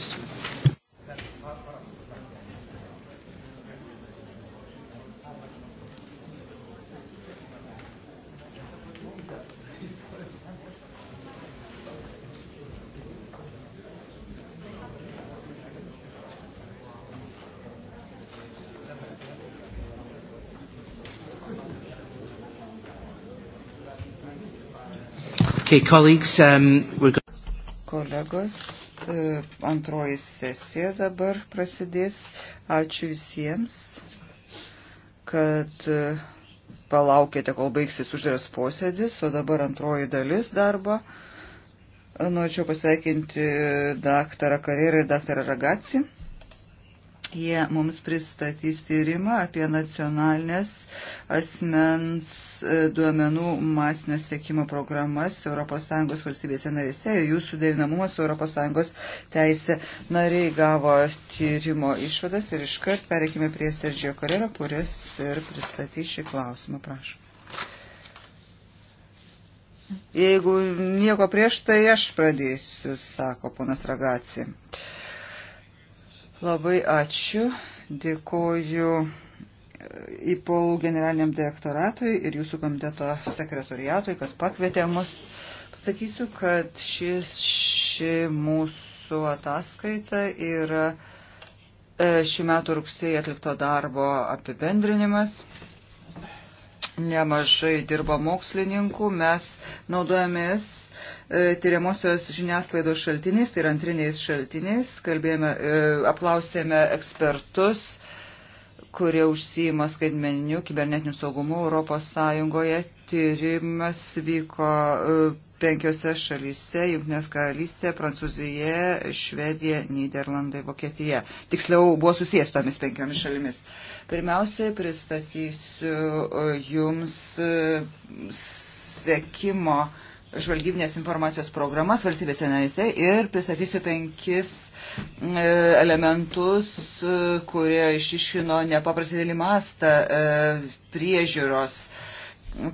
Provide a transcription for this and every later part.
questions. Okay, colleagues, um, we're going Kolegos, E, antroji sesija dabar prasidės. Ačiū visiems, kad e, palaukėte, kol baigsis uždaras posėdis, o dabar antroji dalis darbo. E, norėčiau pasveikinti daktarą Karjerą ir daktarą Ragaci. Jie mums pristatys tyrimą apie nacionalinės asmens e, duomenų masinio sėkimo programas ES valstybėse narėse ir jų suderinamumą su ES teisė. Nariai gavo tyrimo išvadas ir iškart pereikime prie Sergio Karero, kuris ir pristatys šį klausimą. Prašau. Jeigu nieko prieš, tai aš pradėsiu, sako ponas Ragacija. Labai ačiū. Dėkoju e, IPOL generaliniam direktoratui ir jūsų komiteto sekretoriatui, kad pakvietė mus. Pasakysiu, kad šis, ši mūsų ataskaita yra e, šių metų rugsėjai atlikto darbo apibendrinimas nemažai dirba mokslininkų, mes naudojamės e, tyriamosios žiniasklaidos šaltiniais, tai yra antriniais šaltiniais, kalbėjome, e, aplausėme ekspertus, kurie užsijima skaitmeniniu kibernetiniu saugumu Europos Sąjungoje. Tyrimas vyko e, penkiose šalyse - Junktinės karalystė, Prancūzija, Švedija, Niderlandai, Vokietija. Tiksliau buvo susijęs tomis penkiomis šalimis. Pirmiausiai pristatysiu e, Jums e, sekimo žvalgybinės informacijos programas valstybėse narėse ir pristatysiu penkis e, elementus, kurie išiškino nepaprastai dėlį mastą priežiūros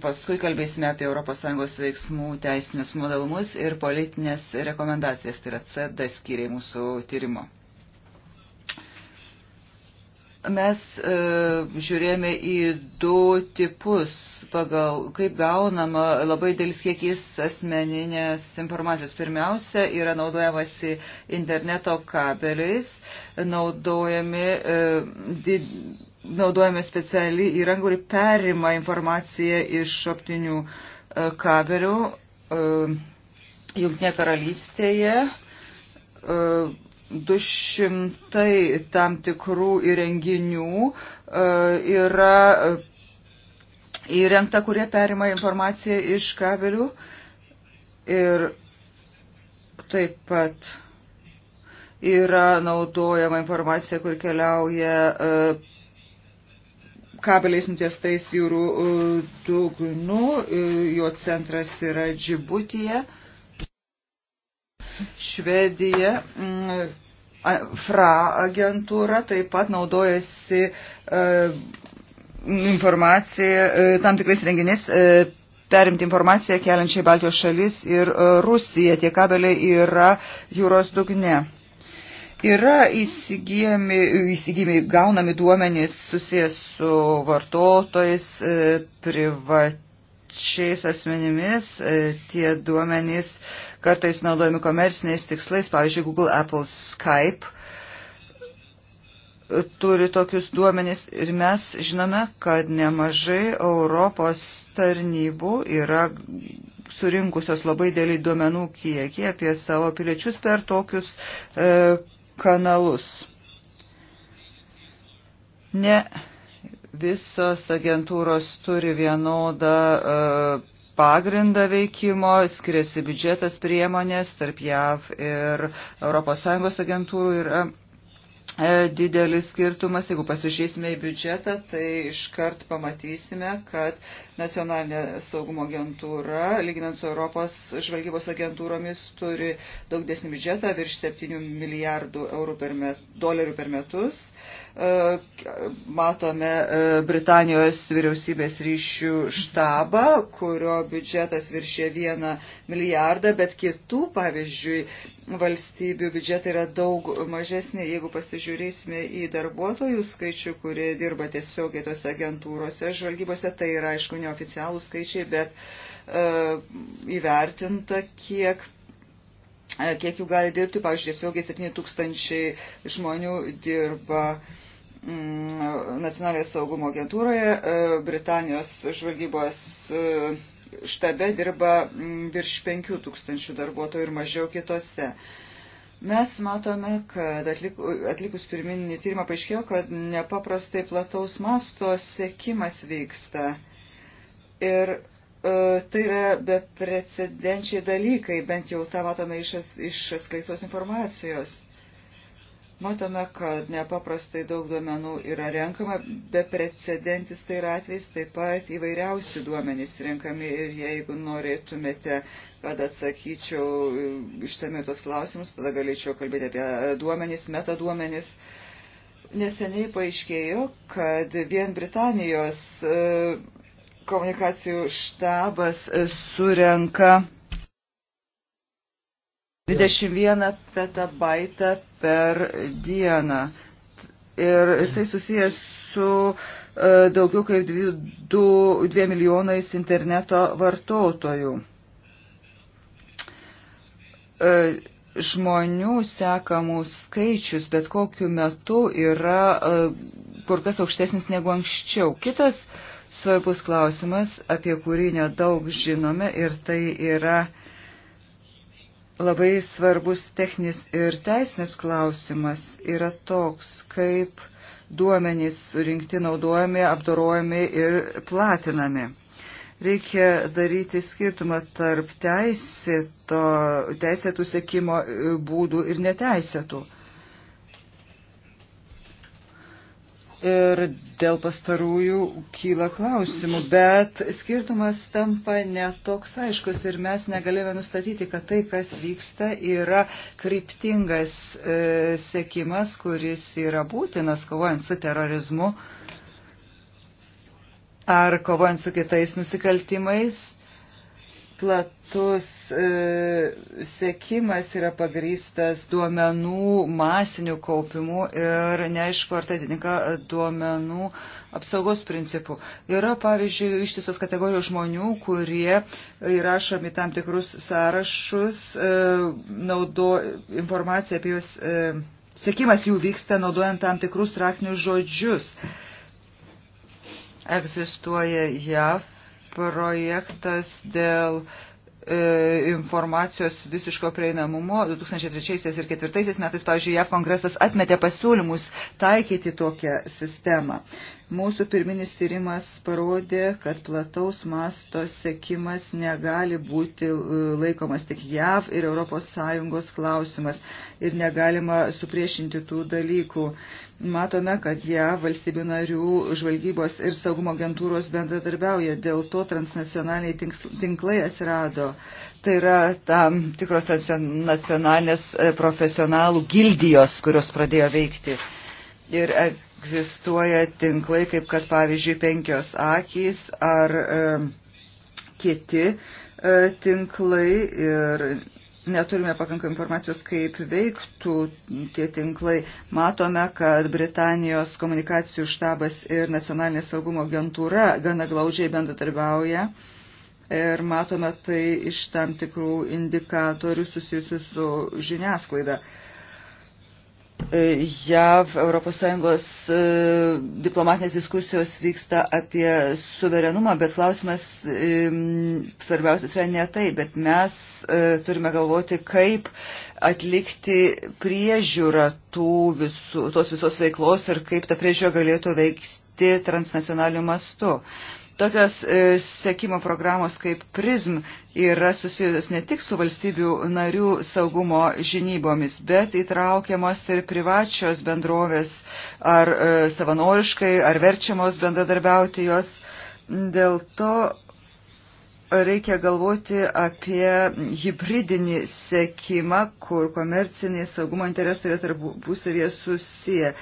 Paskui kalbėsime apie ES veiksmų teisinės modalumus ir politinės rekomendacijas, tai yra CD skyriai mūsų tyrimo. Mes e, žiūrėjome į du tipus, pagal kaip gaunama labai dėlis kiekis asmeninės informacijos. Pirmiausia, yra naudojamasi interneto kabeliais, naudojami e, did, naudojame speciali įrangą ir perima informaciją iš optinių e, kabelių e, Junktinėje karalystėje. 200 e, tam tikrų įrenginių yra įrengta, kurie perima informaciją iš kabelių ir taip pat yra naudojama informacija, kur keliauja uh, kabeliais nutiestais jūrų e, dugnu, e, jo centras yra Džibutija, Švedija, mm, FRA agentūra taip pat naudojasi e, informacija, tam tikrais renginys perimti informaciją keliančiai Baltijos šalis ir Rusija. Tie kabeliai yra jūros dugne. Yra įsigijami, įsigijami gaunami duomenys susijęs su vartotojais, e, privačiais asmenimis. E, tie duomenys kartais naudojami komerciniais tikslais, pavyzdžiui, Google, Apple, Skype e, turi tokius duomenys ir mes žinome, kad nemažai Europos tarnybų yra surinkusios labai dėlį duomenų kiekį apie savo piliečius per tokius e, kanalus. Ne visos agentūros turi vienodą e, pagrindą veikimo, skiriasi biudžetas priemonės tarp JAV ir ES agentūrų yra E, didelis skirtumas. Jeigu pasižiūrėsime į biudžetą, tai iškart pamatysime, kad nacionalinė saugumo agentūra, lyginant su Europos žvalgybos agentūromis, turi daug desnį biudžetą, virš 7 milijardų eurų per met, dolerių per metus. Uh, E, matome e, Britanijos vyriausybės ryšių štabą, kurio biudžetas viršė vieną milijardą, bet kitų, pavyzdžiui, valstybių biudžetai yra daug mažesnė. Jeigu pasižiūrėsime į darbuotojų skaičių, kurie dirba tiesiogiai tose agentūrose, žvalgybose, tai yra, aišku, neoficialų skaičiai, bet uh, įvertinta, kiek E, kiek jų gali dirbti, pavyzdžiui, tiesiogiai 7 tūkstančiai žmonių dirba mm, nacionalinėje saugumo agentūroje, e, Britanijos žvalgybos e, štabe dirba mm, virš 5 tūkstančių darbuotojų ir mažiau kitose. Mes matome, kad atlik, atlikus pirmininį tyrimą paaiškėjo, kad nepaprastai plataus masto sekimas vyksta. Ir E, tai yra beprecedenčiai dalykai, bent jau tą matome iš, iš atskleistos informacijos. Matome, kad nepaprastai daug duomenų yra renkama, beprecedentis tai yra atvejs, taip pat įvairiausi duomenys renkami ir jeigu norėtumėte, kad atsakyčiau e, išsamei tos klausimus, tada galėčiau kalbėti apie e, duomenys, metaduomenys. Neseniai paaiškėjo, kad vien Britanijos e, komunikacijų štabas surenka 21 petabaitą per dieną. Ir tai susijęs su e, daugiau kaip 2 milijonais interneto vartotojų. E, žmonių sekamų skaičius bet kokiu metu yra e, kur kas aukštesnis negu anksčiau. Kitas uh, svarbus klausimas, apie kurį nedaug žinome ir tai yra labai svarbus techninis ir teisinis klausimas yra toks, kaip duomenys rinkti naudojami, apdorojami ir platinami reikia daryti skirtumą tarp teisėto, teisėtų sėkimo būdų ir neteisėtų. ir dėl pastarųjų kyla klausimų, bet skirtumas tampa netoks aiškus ir mes negalime nustatyti, kad tai, kas vyksta, yra kryptingas e, sekimas, kuris yra būtinas kovojant su terorizmu ar kovojant su kitais nusikaltimais platus e, sekimas yra pagrystas duomenų masiniu kaupimu ir neaišku, ar tai atitinka duomenų apsaugos principų. Yra, pavyzdžiui, ištisos kategorijos žmonių, kurie įrašomi tam tikrus sąrašus, e, naudo informaciją apie juos, e, sekimas jų vyksta naudojant tam tikrus raktinius žodžius. Egzistuoja JAV projektas dėl e, informacijos visiško prieinamumo 2003 ir 2004 metais, pavyzdžiui, JAV kongresas atmetė pasiūlymus taikyti tokią sistemą. Mūsų pirminis tyrimas parodė, kad plataus masto sekimas negali būti e, laikomas tik JAV ir ES klausimas ir negalima supriešinti tų dalykų. Matome, kad jie valstybių narių žvalgybos ir saugumo agentūros bendradarbiauja, dėl to transnacionaliniai tinklai atsirado. Tai yra tam tikros nacionalinės e, profesionalų gildijos, kurios pradėjo veikti. Ir egzistuoja tinklai, kaip kad pavyzdžiui penkios akys ar e, kiti e, tinklai ir neturime pakankamai informacijos, kaip veiktų tie tinklai. Matome, kad Britanijos komunikacijų štabas ir nacionalinė saugumo agentūra gana glaudžiai bendradarbiauja. Ir matome tai iš tam tikrų indikatorių susijusių su žiniasklaida. Uh, E, JAV ES e, diplomatinės diskusijos vyksta apie suverenumą, bet klausimas e, svarbiausias yra ne tai, bet mes turime galvoti, kaip atlikti priežiūrą visų, tos visos veiklos ir kaip ta priežiūra galėtų veikti transnacionaliniu mastu. Tokios e, sekimo programos kaip PRISM yra susijusios ne tik su valstybių narių saugumo žinybomis, bet įtraukiamos ir privačios bendrovės ar e, savanoriškai, ar verčiamos bendradarbiauti jos. Dėl to reikia galvoti apie hybridinį sekimą, kur komerciniai saugumo interesai yra tarpusavyje susiję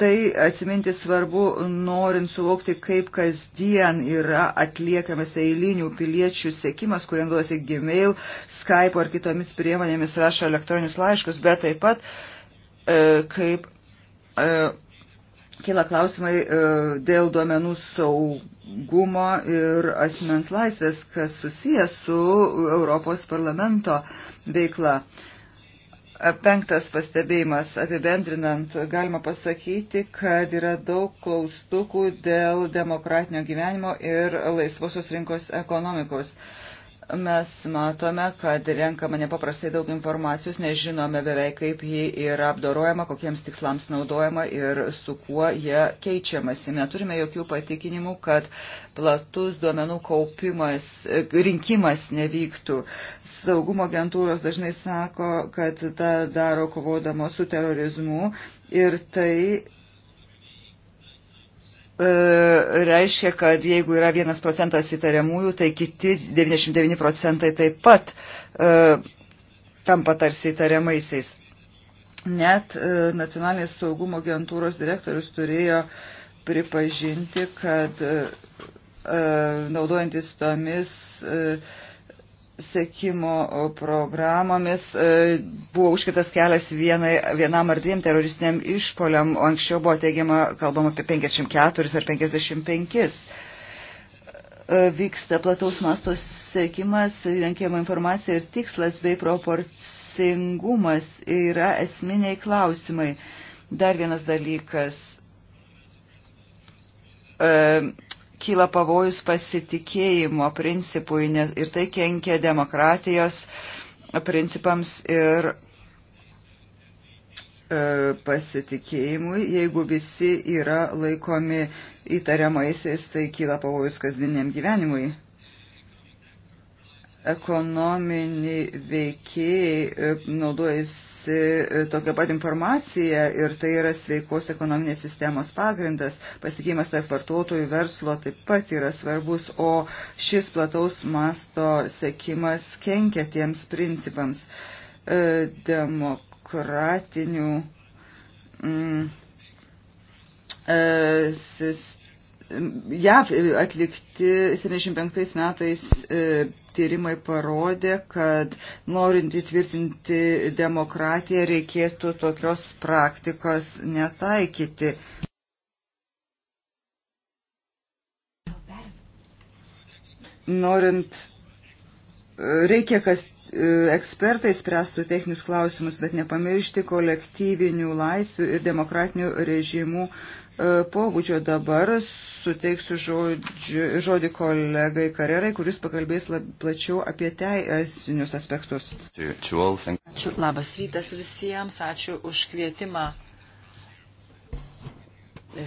tai atsiminti svarbu, norint suvokti, kaip kasdien yra atliekamas eilinių piliečių sėkimas, kurie naudojasi Gmail, Skype ar kitomis priemonėmis rašo elektroninius laiškus, bet taip pat e, kaip e, kila klausimai e, dėl duomenų saugumo ir asmens laisvės, kas susijęs su Europos parlamento veikla. Penktas pastebėjimas apibendrinant, galima pasakyti, kad yra daug klaustukų dėl demokratinio gyvenimo ir laisvosios rinkos ekonomikos mes matome, kad renkama nepaprastai daug informacijos, nežinome beveik, kaip ji yra apdorojama, kokiems tikslams naudojama ir su kuo jie keičiamasi. Neturime jokių patikinimų, kad platus duomenų kaupimas, rinkimas nevyktų. Saugumo agentūros dažnai sako, kad tą daro kovodamos su terorizmu ir tai E, reiškia, kad jeigu yra vienas procentas įtariamųjų, tai kiti 99 procentai taip pat e, tampa tarsi įtariamaisiais. Net e, nacionalinės saugumo agentūros direktorius turėjo pripažinti, kad naudojantis tomis sekimo programomis e, buvo užkirtas kelias vienai, vienam ar dviem teroristiniam išpoliam, o anksčiau buvo teigiama, kalbam apie 54 ar 55. E, vyksta plataus masto sekimas, renkėma informacija ir tikslas bei proporcingumas yra esminiai klausimai. Dar vienas dalykas. E, kyla pavojus pasitikėjimo principui ir tai kenkia demokratijos principams ir e, pasitikėjimui. Jeigu visi yra laikomi įtariamaisiais, tai kyla pavojus kasdieniam gyvenimui ekonominiai veikėjai e, naudojasi e, tokią pat informaciją ir tai yra sveikos ekonominės sistemos pagrindas. Pasitikėjimas tarp vartotojų verslo taip pat yra svarbus, o šis plataus masto sekimas kenkia tiems principams e, demokratinių mm, sistemų. JAV atlikti 75 metais tyrimai parodė, kad norint įtvirtinti demokratiją reikėtų tokios praktikos netaikyti. Norint, reikia, kad e, ekspertai spręstų techninius klausimus, bet nepamiršti kolektyvinių laisvių ir demokratinių režimų uh, E, pobūdžio dabar suteiksiu žodžiu, žodį kolegai Karerai, kuris pakalbės lab, plačiau apie teisinius aspektus. Ačiū, labas rytas visiems, ačiū už kvietimą. E,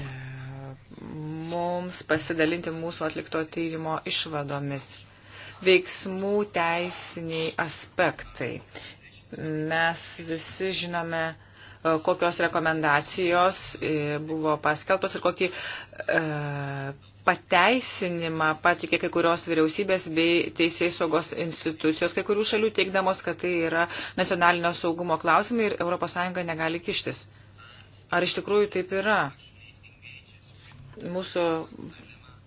mums pasidalinti mūsų atlikto tyrimo išvadomis. Veiksmų teisiniai aspektai. Mes visi žinome, E, kokios rekomendacijos e, buvo paskeltos ir kokį e, pateisinimą patikė kai kurios vyriausybės bei teisės saugos institucijos kai kurių šalių teikdamos, kad tai yra nacionalinio saugumo klausimai ir ES negali kištis. Ar iš tikrųjų taip yra? Mūsų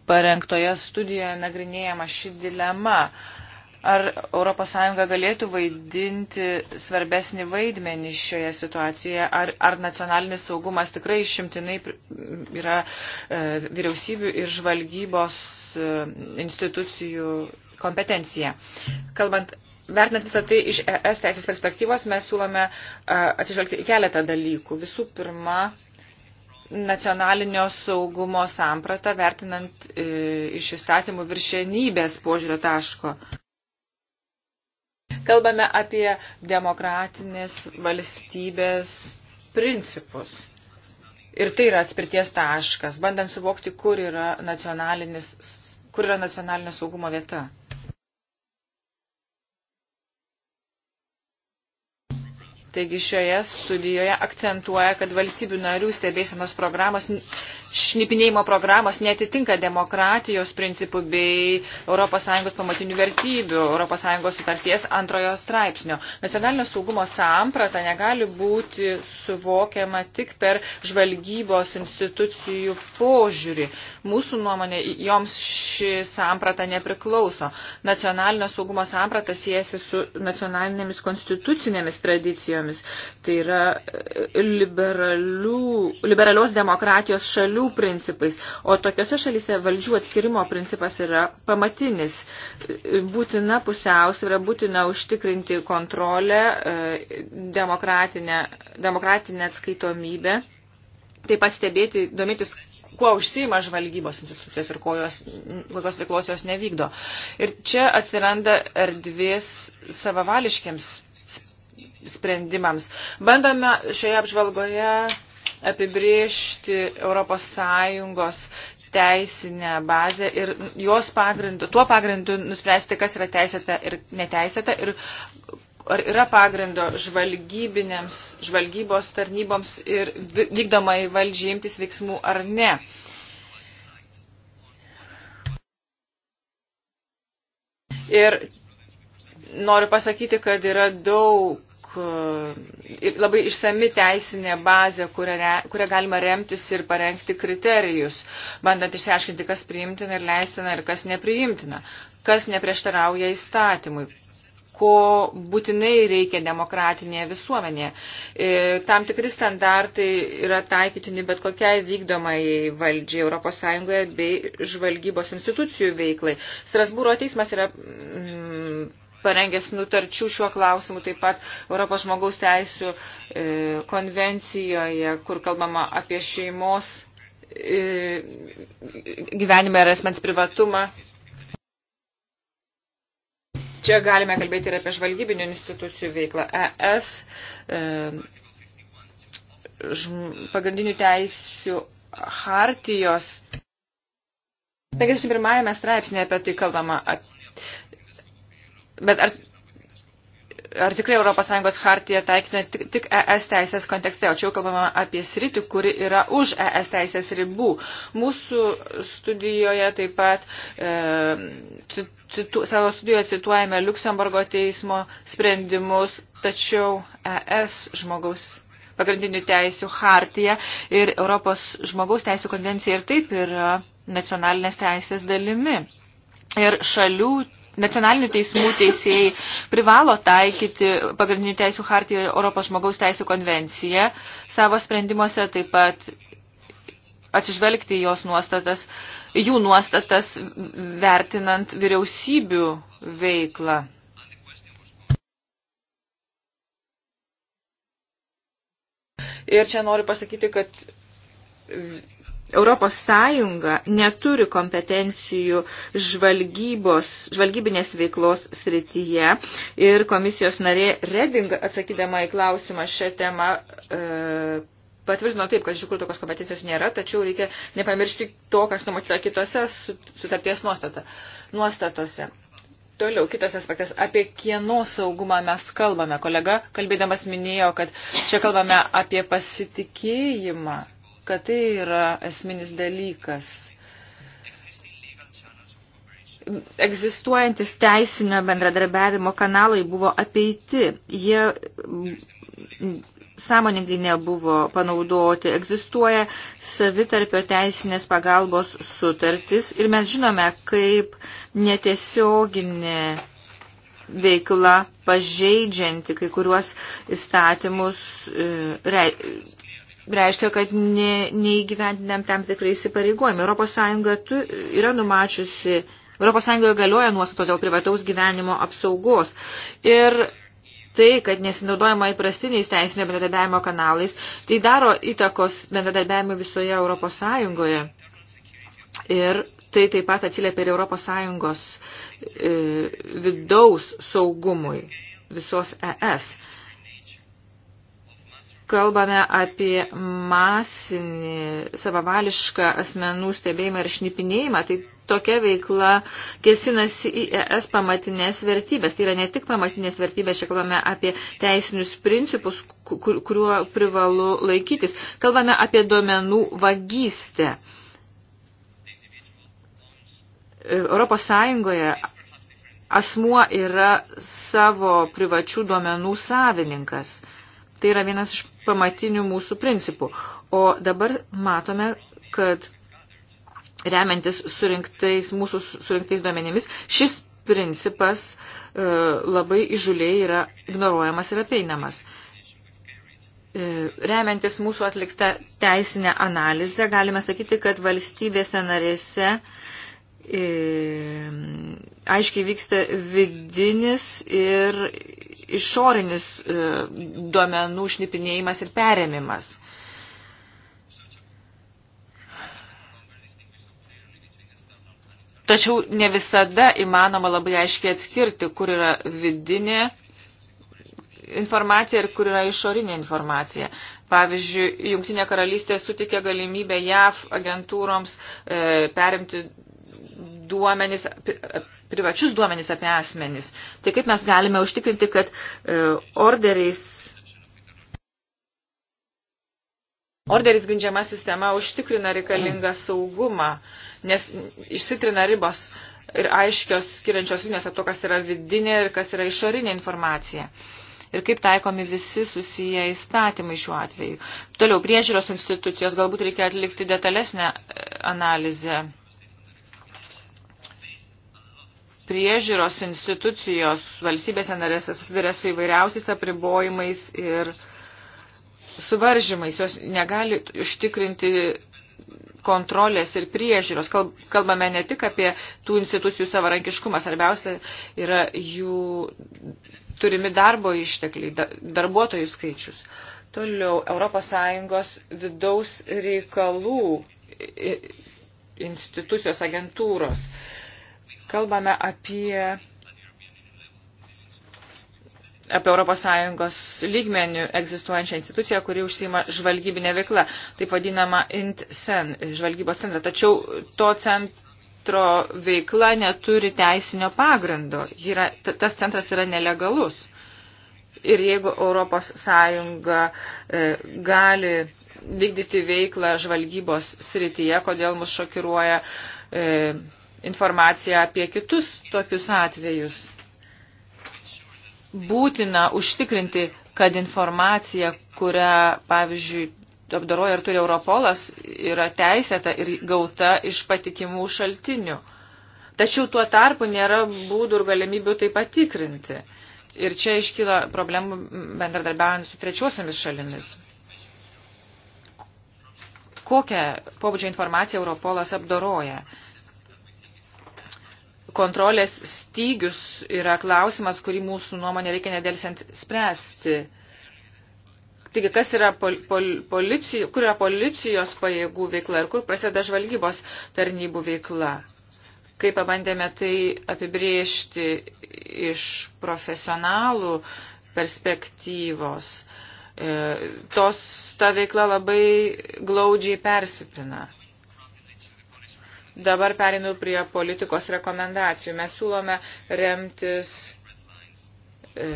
parengtoje studijoje nagrinėjama ši dilema. Uh, Ar ES galėtų vaidinti svarbesnį vaidmenį šioje situacijoje, ar, ar nacionalinis saugumas tikrai išimtinai yra e, vyriausybių ir žvalgybos e, institucijų kompetencija. Kalbant Vertinant visą tai iš ES teisės perspektyvos, mes siūlome e, atsižvelgti į keletą dalykų. Visų pirma, nacionalinio saugumo sampratą, vertinant e, iš įstatymų viršienybės požiūrio taško. Kalbame apie demokratinės valstybės principus. Ir tai yra atspirties taškas, bandant suvokti, kur yra, kur yra nacionalinė saugumo vieta. Taigi šioje studijoje akcentuoja, kad valstybių narių stebėsenos programos, šnipinėjimo programos netitinka demokratijos principų bei ES pamatinių vertybių, ES sutarties antrojo straipsnio. Nacionalinio saugumo samprata negali būti suvokiama tik per žvalgybos institucijų požiūrį. Mūsų nuomonė, joms ši samprata nepriklauso. Nacionalinio saugumo samprata siejasi su nacionalinėmis konstitucinėmis tradicijomis priemonėmis. Tai yra e, liberalios demokratijos šalių principais. O tokiose šalyse valdžių atskirimo principas yra pamatinis. E, būtina pusiausvėra, būtina užtikrinti kontrolę, e, demokratinę, demokratinę atskaitomybę. Taip pat stebėti, domėtis, kuo užsima žvalgybos institucijos ir jos, kokios veiklos jos nevykdo. Ir čia atsiranda erdvės savavališkiams sprendimams. Bandome šioje apžvalgoje apibriežti ES teisinę bazę ir jos pagrindu, tuo pagrindu nuspręsti, kas yra teisėta ir neteisėta ir ar yra pagrindo žvalgybinėms, žvalgybos tarnyboms ir vykdomai valdžiai imtis veiksmų ar ne. Ir noriu pasakyti, kad yra daug E, labai išsami teisinė bazė, kurią, re, kurią galima remtis ir parengti kriterijus, bandant išsiaiškinti, kas priimtina ir leistina ir kas nepriimtina, kas neprieštarauja įstatymui ko būtinai reikia demokratinėje visuomenėje. E, tam tikri standartai yra taikytini bet kokiai vykdomai valdžiai ES bei žvalgybos institucijų veiklai. Strasbūro teismas yra mm, parengęs nutarčių šiuo klausimu, taip pat Europos žmogaus teisų e, konvencijoje, kur kalbama apie šeimos e, gyvenimą ir asmens privatumą. Čia galime kalbėti ir apie žvalgybinių institucijų veiklą. ES e, pagrindinių teisių hartijos 51 straipsnė apie tai kalbama, Bet ar, ar tikrai ES hartija taikytina tik, tik ES teisės kontekste, o čia jau kalbama apie sritį, kuri yra už ES teisės ribų. Mūsų studijoje taip pat e, citu, savo studijoje cituojame Luksemburgo teismo sprendimus, tačiau ES žmogaus pagrindinių teisių hartija ir Europos žmogaus teisų konvencija ir taip yra nacionalinės teisės dalimi. Ir šalių nacionalinių teismų teisėjai privalo taikyti pagrindinių teisų hartiją Europos žmogaus teisų konvenciją savo sprendimuose, taip pat atsižvelgti jos nuostatas, jų nuostatas vertinant vyriausybių veiklą. Ir čia noriu pasakyti, kad Europos Sąjunga neturi kompetencijų žvalgybos, žvalgybinės veiklos srityje ir komisijos narė Reding atsakydama į klausimą šią temą e, patvirtino taip, kad iš tikrųjų tokios kompetencijos nėra, tačiau reikia nepamiršti to, kas numatyta kitose sutarties nuostata, nuostatose. Toliau kitas aspektas, apie kieno saugumą mes kalbame. Kolega kalbėdamas minėjo, kad čia kalbame apie pasitikėjimą kad tai yra esminis dalykas. Egzistuojantis teisinio bendradarbiavimo kanalai buvo apeiti. Jie sąmoningai nebuvo panaudoti. Egzistuoja savitarpio teisinės pagalbos sutartis ir mes žinome, kaip netiesioginė veikla pažeidžianti kai kuriuos įstatymus e, rei, reiškia, kad ne, neįgyvendinam tam tikrai įsipareigojimą. Europos Sąjunga tu, yra numačiusi, Europos Sąjungoje galioja nuostatos dėl privataus gyvenimo apsaugos. Ir tai, kad nesinaudojama įprastiniais teisinio bendradarbiavimo kanalais, tai daro įtakos bendradarbiavimui visoje Europos Sąjungoje. Ir tai taip pat atsiliepia ir Europos Sąjungos e, vidaus saugumui visos ES kalbame apie masinį savavališką asmenų stebėjimą ir šnipinėjimą, tai tokia veikla kėsinasi į ES pamatinės vertybės. Tai yra ne tik pamatinės vertybės, čia kalbame apie teisinius principus, kur, kuriuo privalu laikytis. Kalbame apie duomenų vagystę. Europos Sąjungoje asmuo yra savo privačių duomenų savininkas. Tai yra vienas iš pamatinių mūsų principų. O dabar matome, kad remiantis surinktais, mūsų surinktais duomenimis, šis principas e, labai įžuliai yra ignoruojamas ir apeinamas. E, remiantis mūsų atlikta teisinę analizę, galime sakyti, kad valstybėse narėse e, aiškiai vyksta vidinis ir išorinis e, duomenų šnipinėjimas ir perėmimas. Tačiau ne visada įmanoma labai aiškiai atskirti, kur yra vidinė informacija ir kur yra išorinė informacija. Pavyzdžiui, Jungtinė karalystė sutikė galimybę JAV agentūroms e, perimti duomenis privačius duomenys apie asmenys. Tai kaip mes galime užtikrinti, kad e, orderiais Orderis grindžiama sistema užtikrina reikalingą saugumą, nes išsitrina ribos ir aiškios skiriančios linijos apie to, kas yra vidinė ir kas yra išorinė informacija. Ir kaip taikomi visi susiję įstatymai šiuo atveju. Toliau priežiūros institucijos galbūt reikia atlikti detalesnę e, analizę priežiūros institucijos valstybėse narėse susiduria su įvairiausiais apribojimais ir suvaržymais. Jos negali užtikrinti kontrolės ir priežiūros. Kalbame ne tik apie tų institucijų savarankiškumą, svarbiausia yra jų turimi darbo ištekliai, darbuotojų skaičius. Toliau ES vidaus reikalų institucijos agentūros kalbame apie apie ES lygmenių egzistuojančią instituciją, kuri užsima žvalgybinę veiklą, taip vadinama INTSEN, žvalgybos centrą. Tačiau to centro veikla neturi teisinio pagrindo. Yra, tas centras yra nelegalus. Ir jeigu ES e, gali vykdyti veiklą žvalgybos srityje, kodėl mus šokiruoja e, informaciją apie kitus tokius atvejus. Būtina užtikrinti, kad informacija, kurią, pavyzdžiui, apdoroja ir turi Europolas, yra teisėta ir gauta iš patikimų šaltinių. Tačiau tuo tarpu nėra būdų ir galimybių tai patikrinti. Ir čia iškyla problemų bendradarbiaujant su trečiosiamis šalimis. Kokią pobūdžio informaciją Europolas apdoroja? kontrolės stygius yra klausimas, kurį mūsų nuomonė reikia nedėlsiant spręsti. Taigi, kas yra pol, pol, policijų, kur yra policijos pajėgų veikla ir kur prasideda žvalgybos tarnybų veikla. Kaip pabandėme tai apibriežti iš profesionalų perspektyvos, e, tos ta veikla labai glaudžiai persipina. Dabar perinu prie politikos rekomendacijų. Mes siūlome remtis e,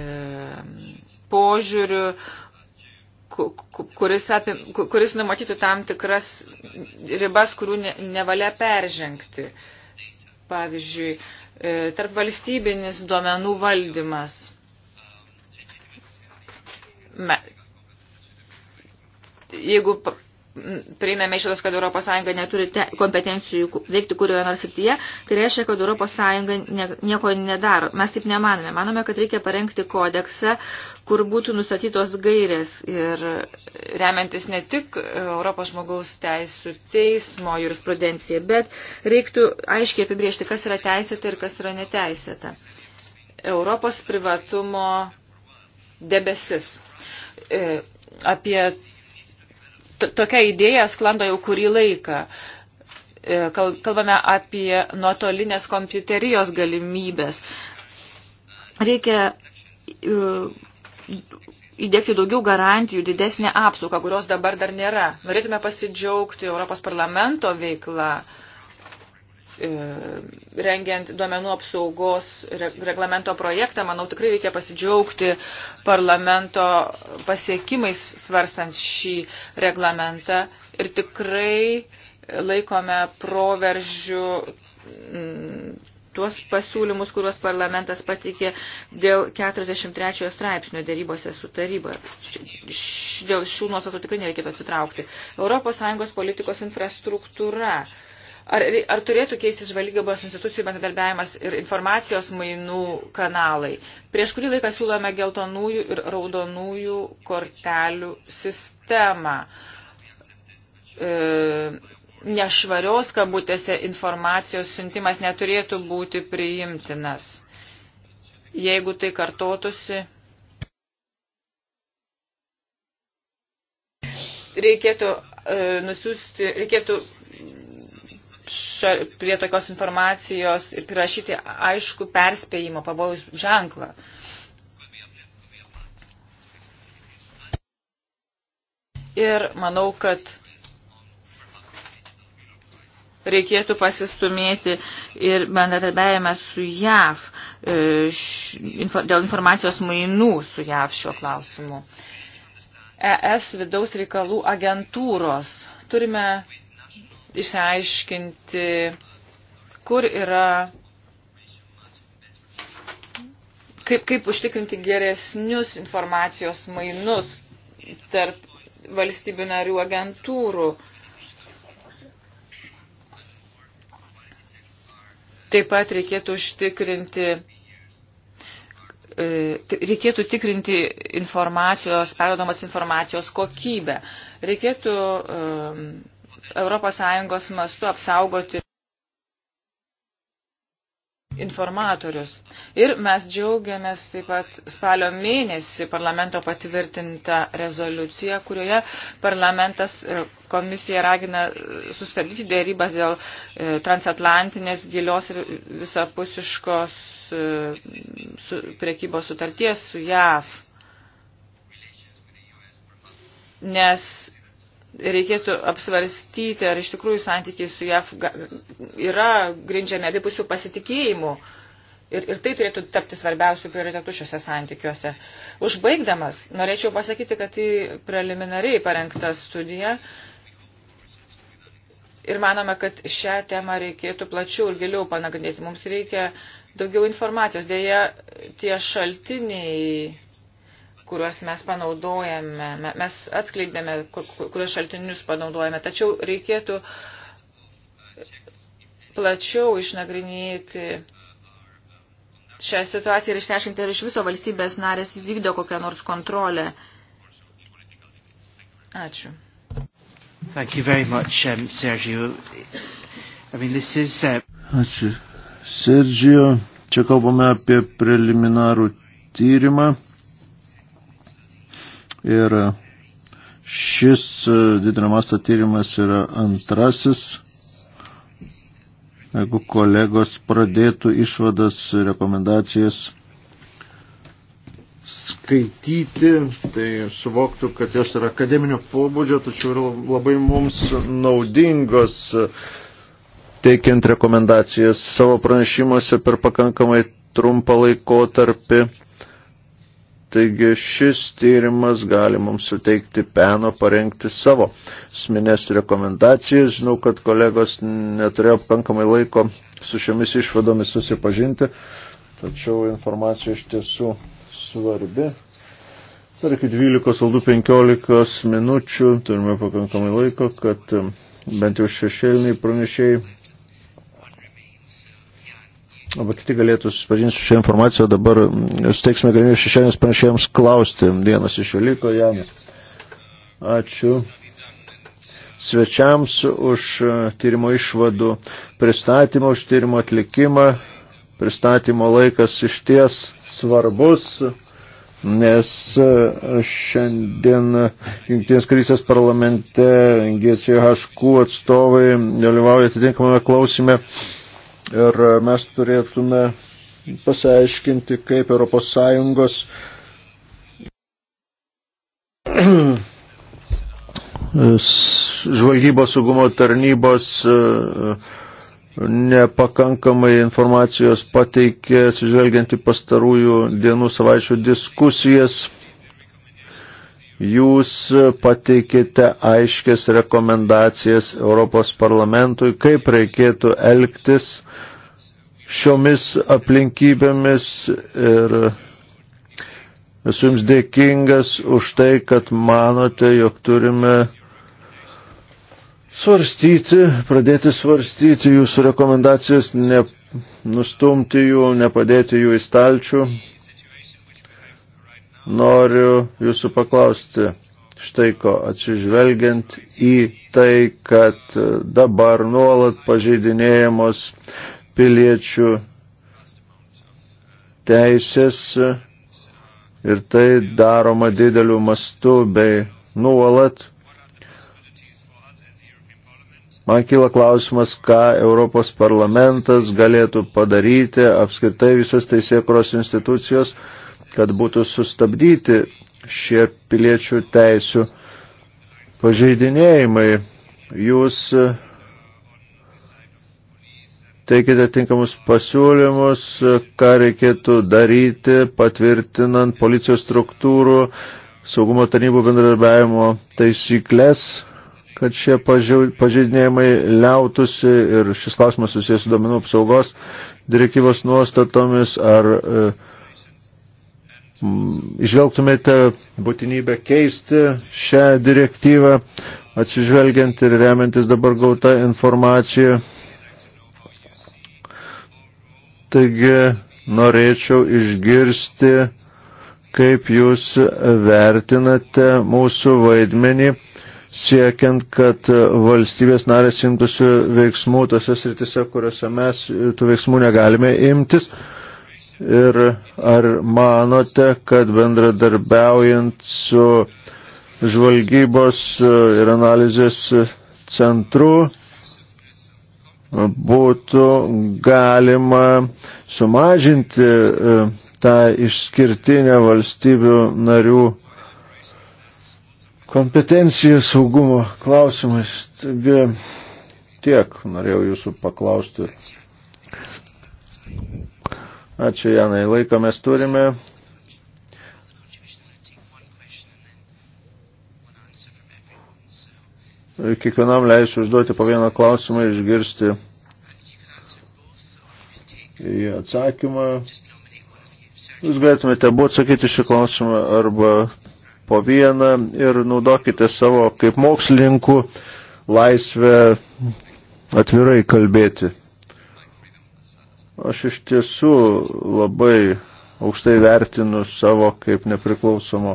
požiūriu, kuris, apim, kuris numatytų tam tikras ribas, kurių ne, nevalia peržengti. Pavyzdžiui, e, tarp valstybinis duomenų valdymas. Me, jeigu prieiname išvados, kad ES neturi te, kompetencijų veikti kurioje nors srityje, tai reiškia, kad ES ne, nieko nedaro. Mes taip nemanome. Manome, kad reikia parengti kodeksą, kur būtų nustatytos gairės ir remiantis ne tik Europos žmogaus teisų teismo jurisprudencija, bet reiktų aiškiai apibriežti, kas yra teisėta ir kas yra neteisėta. Europos privatumo debesis. E, apie tokia idėja sklando jau kurį laiką. E, kalbame apie nuotolinės kompiuterijos galimybės. Reikia e, įdėkti daugiau garantijų, didesnę apsaugą, kurios dabar dar nėra. Norėtume pasidžiaugti Europos parlamento veiklą E, rengiant duomenų apsaugos reglamento projektą, manau, tikrai reikia pasidžiaugti parlamento pasiekimais svarstant šį reglamentą ir tikrai laikome proveržių tuos pasiūlymus, kuriuos parlamentas patikė dėl 43 straipsnio dėrybose su taryba. Dėl šių nuostatų tikrai nereikėtų atsitraukti. ES politikos infrastruktūra Ar, ar turėtų keistis žvalgybos institucijų bendradarbiavimas ir informacijos mainų kanalai? Prieš kurį laiką siūlome geltonųjų ir raudonųjų kortelių sistemą. E, nešvarios kabutėse informacijos siuntimas neturėtų būti priimtinas. Jeigu tai kartotusi, reikėtų, e, nusiųsti, reikėtų šal, prie tokios informacijos ir prirašyti aišku perspėjimo pavojus ženklą. Ir manau, kad reikėtų pasistumėti ir bendradarbiavime su JAV e, dėl informacijos mainų su JAV šiuo klausimu. ES vidaus reikalų agentūros. Turime išsiaiškinti, kur yra, kaip, kaip užtikrinti geresnius informacijos mainus tarp valstybių narių agentūrų. Taip pat reikėtų užtikrinti, e, reikėtų tikrinti informacijos, perdodamas informacijos kokybę. Reikėtų um, ES mastu apsaugoti informatorius. Ir mes džiaugiamės taip pat spalio mėnesį parlamento patvirtintą rezoliuciją, kurioje parlamentas e, komisija ragina sustabdyti dėrybas dėl e, transatlantinės gilios ir visapusiškos e, su, prekybos sutarties su JAV. Nes reikėtų apsvarstyti, ar iš tikrųjų santykiai su JAF yra grindžiami abipusių pasitikėjimų. Ir, ir tai turėtų tapti svarbiausių prioritetų šiuose santykiuose. Užbaigdamas, norėčiau pasakyti, kad tai preliminariai parengta studija. Ir manome, kad šią temą reikėtų plačiau ir giliau panagrinėti. Mums reikia daugiau informacijos. Dėja, tie šaltiniai kuriuos mes panaudojame, mes atskleidėme, kuriuos šaltinius panaudojame, tačiau reikėtų plačiau išnagrinėti šią situaciją ir išneškinti, ar iš viso valstybės narės vykdo kokią nors kontrolę. Ačiū. Thank you very much, um, Sergio. I mean, this is... Uh... Ačiū. Sergio, čia kalbame apie preliminarų tyrimą. Ir šis e, didelio masto tyrimas yra antrasis. Jeigu kolegos pradėtų išvadas, rekomendacijas skaityti, tai suvoktų, kad jos yra akademinio pobūdžio, tačiau yra labai mums naudingos teikiant rekomendacijas savo pranešimuose per pakankamai trumpą laikotarpį. Taigi šis tyrimas gali mums suteikti peno parengti savo sminės rekomendacijas. Žinau, kad kolegos neturėjo pakankamai laiko su šiomis išvadomis susipažinti, tačiau informacija iš tiesų svarbi. Dar iki 12-15 minučių turime pakankamai laiko, kad um, bent jau šešėliniai pranešėjai arba kiti galėtų susipažinti su šią informaciją, dabar mm, steiksime galimybę šešėlės pranešėjams klausti. Vienas iš jų liko jam. Ačiū svečiams už e, tyrimo išvadų pristatymą, už tyrimo atlikimą. Pristatymo laikas iš ties svarbus nes e, šiandien Junktinės krysės parlamente GCHQ atstovai dalyvauja atitinkamame klausime Ir e, mes turėtume pasiaiškinti, kaip ES žvalgybos saugumo tarnybos e, nepakankamai informacijos pateikė, atsižvelgiant į pastarųjų dienų savaičių diskusijas jūs pateikite aiškės rekomendacijas Europos parlamentui, kaip reikėtų elgtis šiomis aplinkybėmis ir esu jums dėkingas už tai, kad manote, jog turime svarstyti, pradėti svarstyti jūsų rekomendacijas, ne, nustumti jų, nepadėti jų į stalčių noriu jūsų paklausti štai ko, atsižvelgiant į tai, kad dabar nuolat pažeidinėjamos piliečių teisės ir tai daroma dideliu mastu bei nuolat. Man kyla klausimas, ką Europos parlamentas galėtų padaryti, apskritai visos teisėkros institucijos, kad būtų sustabdyti šie piliečių teisių pažeidinėjimai. Jūs e, teikite tinkamus pasiūlymus, e, ką reikėtų daryti, patvirtinant policijos struktūrų, saugumo tarnybų bendradarbiavimo taisyklės, kad šie pažeidinėjimai liautusi ir šis klausimas susijęs su domenų apsaugos direktyvos nuostatomis ar e, Mm, išvelgtumėte būtinybę keisti šią direktyvą, atsižvelgiant ir remiantis dabar gauta informacija. Taigi norėčiau išgirsti, kaip jūs vertinate mūsų vaidmenį siekiant, kad valstybės narės imtųsi veiksmų tose sritise, kuriuose mes tų veiksmų negalime imtis. Uh, Ir ar manote, kad bendradarbiaujant su žvalgybos e, ir analizės centru būtų galima sumažinti e, tą išskirtinę valstybių narių kompetenciją saugumo klausimais. Taigi tiek norėjau jūsų paklausti. Ačiū, Janai. Laiko mes turime. Kiekvienam leisiu užduoti po vieną klausimą ir išgirsti į atsakymą. Jūs galėtumėte būti sakyti šį klausimą arba po vieną ir naudokite savo kaip mokslininkų laisvę atvirai kalbėti. Aš iš tiesų labai aukštai vertinu savo kaip nepriklausomo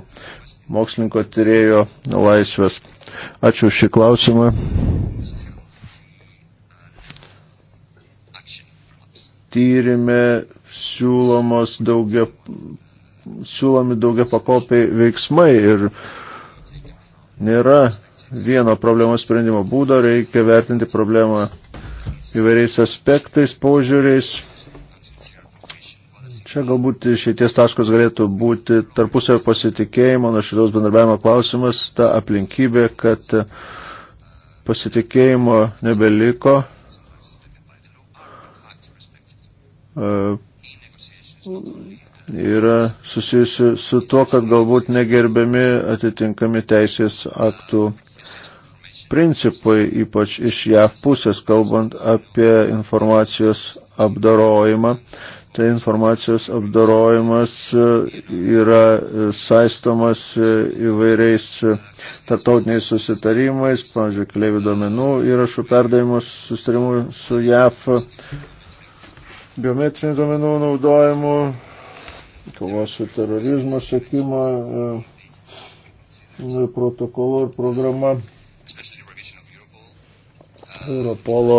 mokslininko tyrėjo laisvės. Ačiū šį klausimą. Tyrime siūlomos daugia, siūlomi daugia pakopiai veiksmai ir nėra vieno problemos sprendimo būdo, reikia vertinti problemą įvairiais aspektais, požiūriais. Čia galbūt išeities taškas galėtų būti tarpusavio pasitikėjimo, nuošidaus bendarbiavimo klausimas, ta aplinkybė, kad pasitikėjimo nebeliko. E, yra susijusi su tuo, kad galbūt negerbiami atitinkami teisės aktų principai, ypač iš JAV pusės, kalbant apie informacijos apdarojimą. Tai informacijos apdarojimas e, yra e, saistomas e, įvairiais tartautiniais susitarimais, pavyzdžiui, kleivių domenų įrašų perdavimus susitarimų su JAF, biometrinių domenų naudojimu, kovos su terorizmo sekimo protokolo ir programa Europolo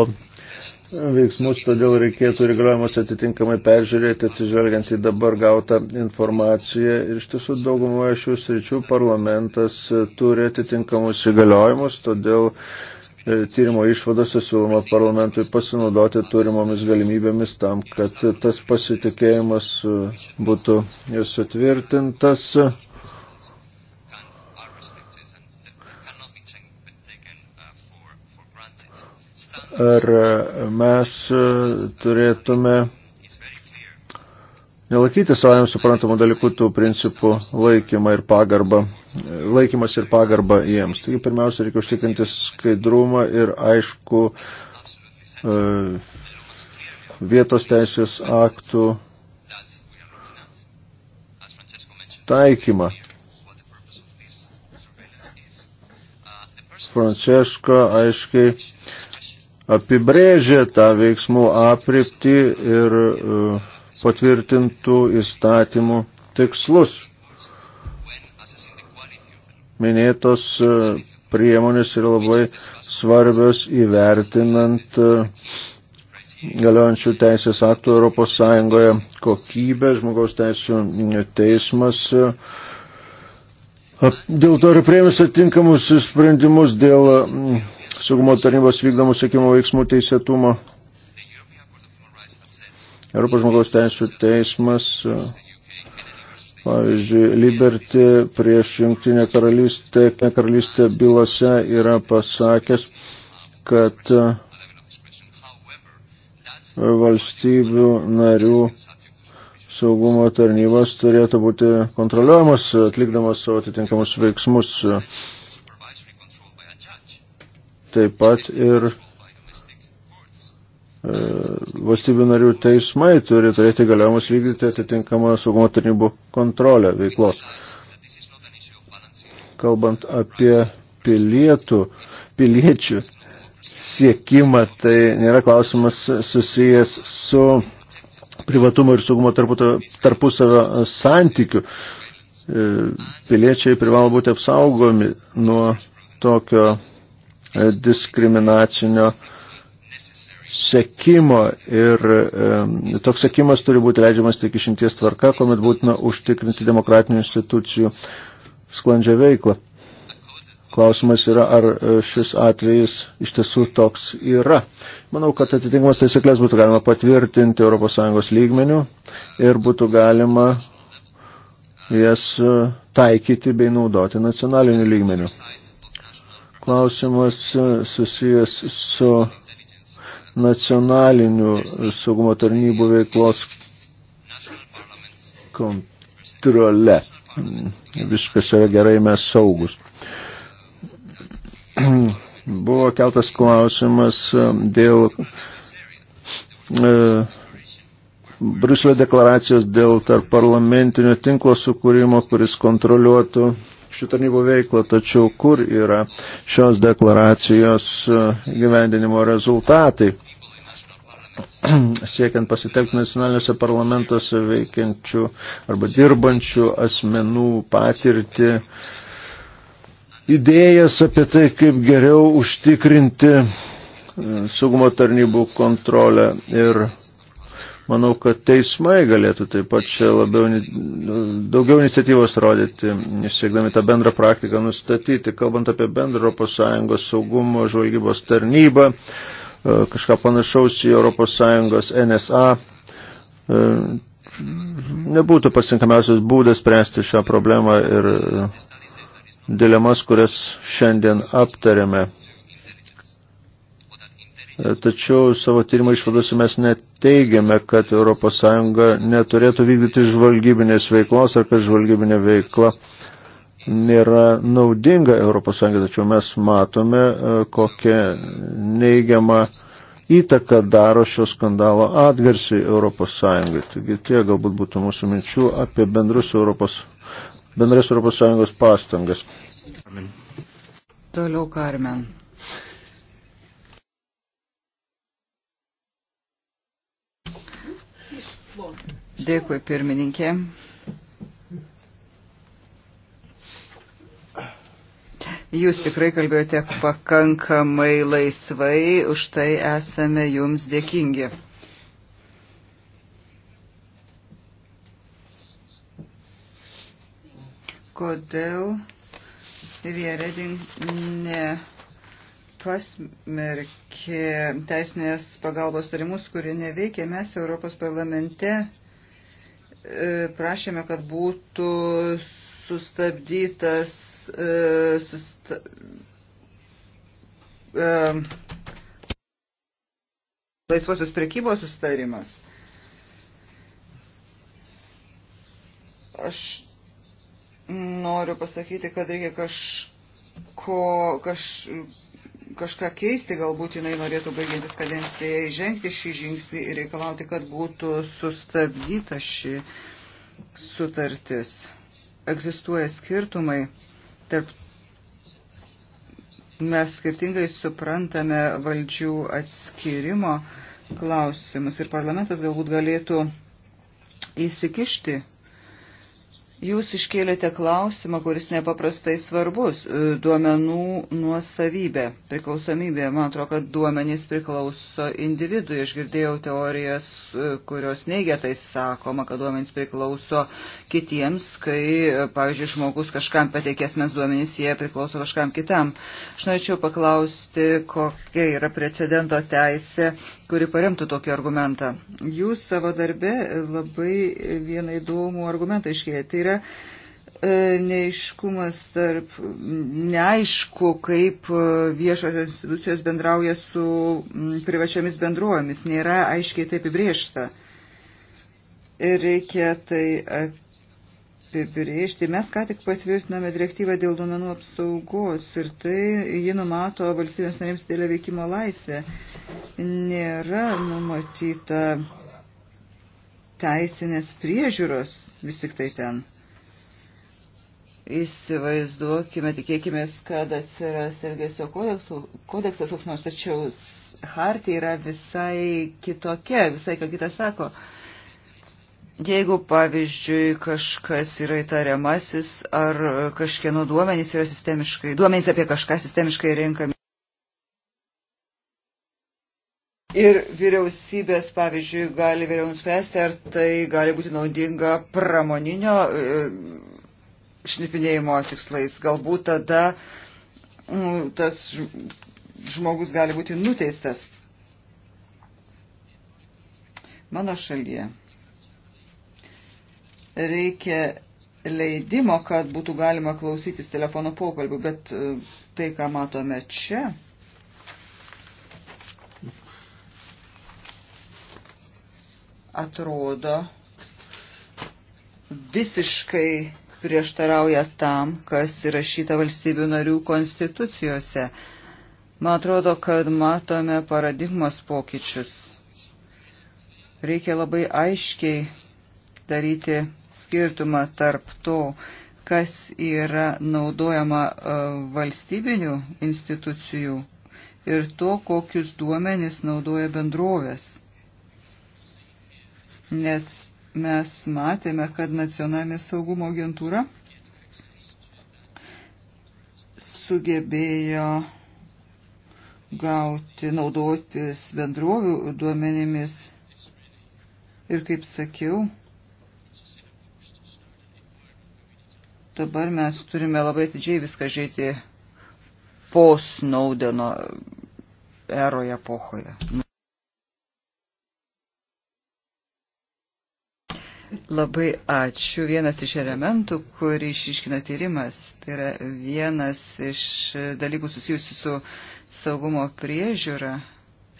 veiksmus, todėl reikėtų reglamentus atitinkamai peržiūrėti, atsižvelgiant į dabar gautą informaciją. Ir iš tiesų daugumoje šių sričių parlamentas turi atitinkamus įgaliojimus, todėl e, tyrimo išvadose siūloma parlamentui pasinaudoti turimomis galimybėmis tam, kad tas pasitikėjimas e, būtų sutvirtintas. Ar mes turėtume nelaikyti savai suprantamų dalykų tų principų laikymą ir pagarbą, laikymas ir pagarba jiems. Taigi pirmiausia, reikia užtikrinti skaidrumą ir aišku e, vietos teisės aktų taikymą. Francesko aiškiai apibrėžė tą veiksmų apripti ir e, patvirtintų įstatymų tikslus. Minėtos e, priemonės yra labai svarbios įvertinant e, galiojančių teisės aktų Europos Sąjungoje kokybę. Žmogaus teisų teismas dėl to ir priėmės atinkamus sprendimus dėl saugumo tarnybos vykdomų sėkimo veiksmų teisėtumo. Europos žmogaus teisų teismas, pavyzdžiui, Liberty prieš Junktinę karalystę, karalystę bylose yra pasakęs, kad e, valstybių narių saugumo tarnybos turėtų būti kontroliuojamas, atlikdamas savo atitinkamus veiksmus taip pat ir e, valstybių narių teismai turi turėti galiojimus vykdyti atitinkamą saugumo tarnybų kontrolę veiklos. Kalbant apie pilietų, piliečių siekimą, tai nėra klausimas susijęs su privatumo ir saugumo tarpusavio santykiu. E, piliečiai privalo būti apsaugomi nuo tokio E, diskriminacinio sekimo ir e, toks sekimas turi būti leidžiamas tik išimties tvarka, kuomet būtina užtikrinti demokratinių institucijų sklandžią veiklą. Klausimas yra, ar e, šis atvejis iš tiesų toks yra. Manau, kad atitinkamas taisyklės būtų galima patvirtinti ES lygmenių ir būtų galima jas e, taikyti bei naudoti nacionaliniu lygmeniu klausimas e, susijęs su nacionaliniu saugumo tarnybų veiklos kontrole. Viskas yra gerai, mes saugus. Buvo keltas klausimas e, dėl e, Bruselio deklaracijos dėl tarp parlamentinio tinklo sukūrimo, kuris kontroliuotų šių tarnybų veiklą, tačiau kur yra šios deklaracijos e, gyvendinimo rezultatai. Siekiant pasitelkti nacionaliniuose parlamentuose veikiančių arba dirbančių asmenų patirtį, idėjas apie tai, kaip geriau užtikrinti e, saugumo tarnybų kontrolę ir Manau, kad teismai galėtų taip pat čia labiau, daugiau iniciatyvos rodyti, siekdami tą bendrą praktiką nustatyti. Kalbant apie bendrą ES saugumo žvalgybos tarnybą, e, kažką panašaus į ES NSA, e, nebūtų pasinkamiausias būdas spręsti šią problemą ir e, dilemas, kurias šiandien aptarėme. E, tačiau savo tyrimo išvadose mes neteigiame, kad ES neturėtų vykdyti žvalgybinės veiklos ar kad žvalgybinė veikla nėra naudinga ES. Tačiau mes matome, e, kokią neigiamą įtaką daro šio skandalo atgarsiai ES. Taigi tie galbūt būtų mūsų minčių apie bendrus Europos, bendras ES pastangas. Toliau Karmen. Dėkui, pirmininkė. Jūs tikrai kalbėjote pakankamai laisvai, už tai esame jums dėkingi. Kodėl Viereding ne pasmerkė teisinės pagalbos tarimus, kurie neveikia. Mes Europos parlamente e, prašėme, kad būtų sustabdytas e, susta, e, laisvosios prekybos sustarimas. Aš noriu pasakyti, kad reikia kažko, kaž, kažką keisti, galbūt jinai norėtų baigiantis kadencijai žengti šį žingsnį ir reikalauti, kad būtų sustabdyta ši sutartis. Egzistuoja skirtumai tarp. Mes skirtingai suprantame valdžių atskirimo klausimus ir parlamentas galbūt galėtų įsikišti Jūs iškėlėte klausimą, kuris nepaprastai svarbus e, - duomenų nuosavybė, priklausomybė. Man atrodo, kad duomenys priklauso individui. Aš girdėjau teorijas, e, kurios neigia tai sakoma, kad duomenys priklauso kitiems, kai, e, pavyzdžiui, žmogus kažkam pateikės mes duomenys, jie priklauso kažkam kitam. Aš norėčiau paklausti, kokia yra precedento teisė, kuri paremtų tokį argumentą. Jūs savo darbe labai vieną įdomų argumentą iškėlėte tai yra e, neiškumas tarp, neaišku, kaip e, viešos institucijos bendrauja su privačiomis bendruomis, nėra aiškiai taip apibriešta. Ir reikia tai apibriežti. Mes ką tik patvirtiname direktyvą dėl duomenų apsaugos ir tai ji numato valstybės narėms dėlio veikimo laisvę. Nėra numatyta teisinės priežiūros vis tik tai ten. Įsivaizduokime, tikėkime, kad atsiras Elgesio kodeksas koks nors, tačiau hartija yra visai kitokia, visai ką kitas sako. Jeigu, pavyzdžiui, kažkas yra įtariamasis ar kažkieno duomenys yra sistemiškai, duomenys apie kažką sistemiškai renkami. Ir vyriausybės, pavyzdžiui, gali vėliau nuspręsti, ar tai gali būti naudinga pramoninio e, šnipinėjimo tikslais. Galbūt tada mm, tas žmogus gali būti nuteistas. Mano šalyje reikia leidimo, kad būtų galima klausytis telefono pokalbių, bet e, tai, ką matome čia, atrodo visiškai prieštarauja tam, kas įrašyta valstybių narių konstitucijose. Man atrodo, kad matome paradigmos pokyčius. Reikia labai aiškiai daryti skirtumą tarp to, kas yra naudojama e, valstybinių institucijų ir to, kokius duomenys naudoja bendrovės. Nes mes matėme, kad nacionalinė saugumo agentūra sugebėjo gauti, naudotis bendrovių duomenimis. Ir kaip sakiau, dabar mes turime labai atidžiai viską žiūrėti po Snaudeno eroje, epochoje. Labai ačiū. Vienas iš elementų, kurį išiškina tyrimas, tai yra vienas iš dalykų susijusių su saugumo priežiūra.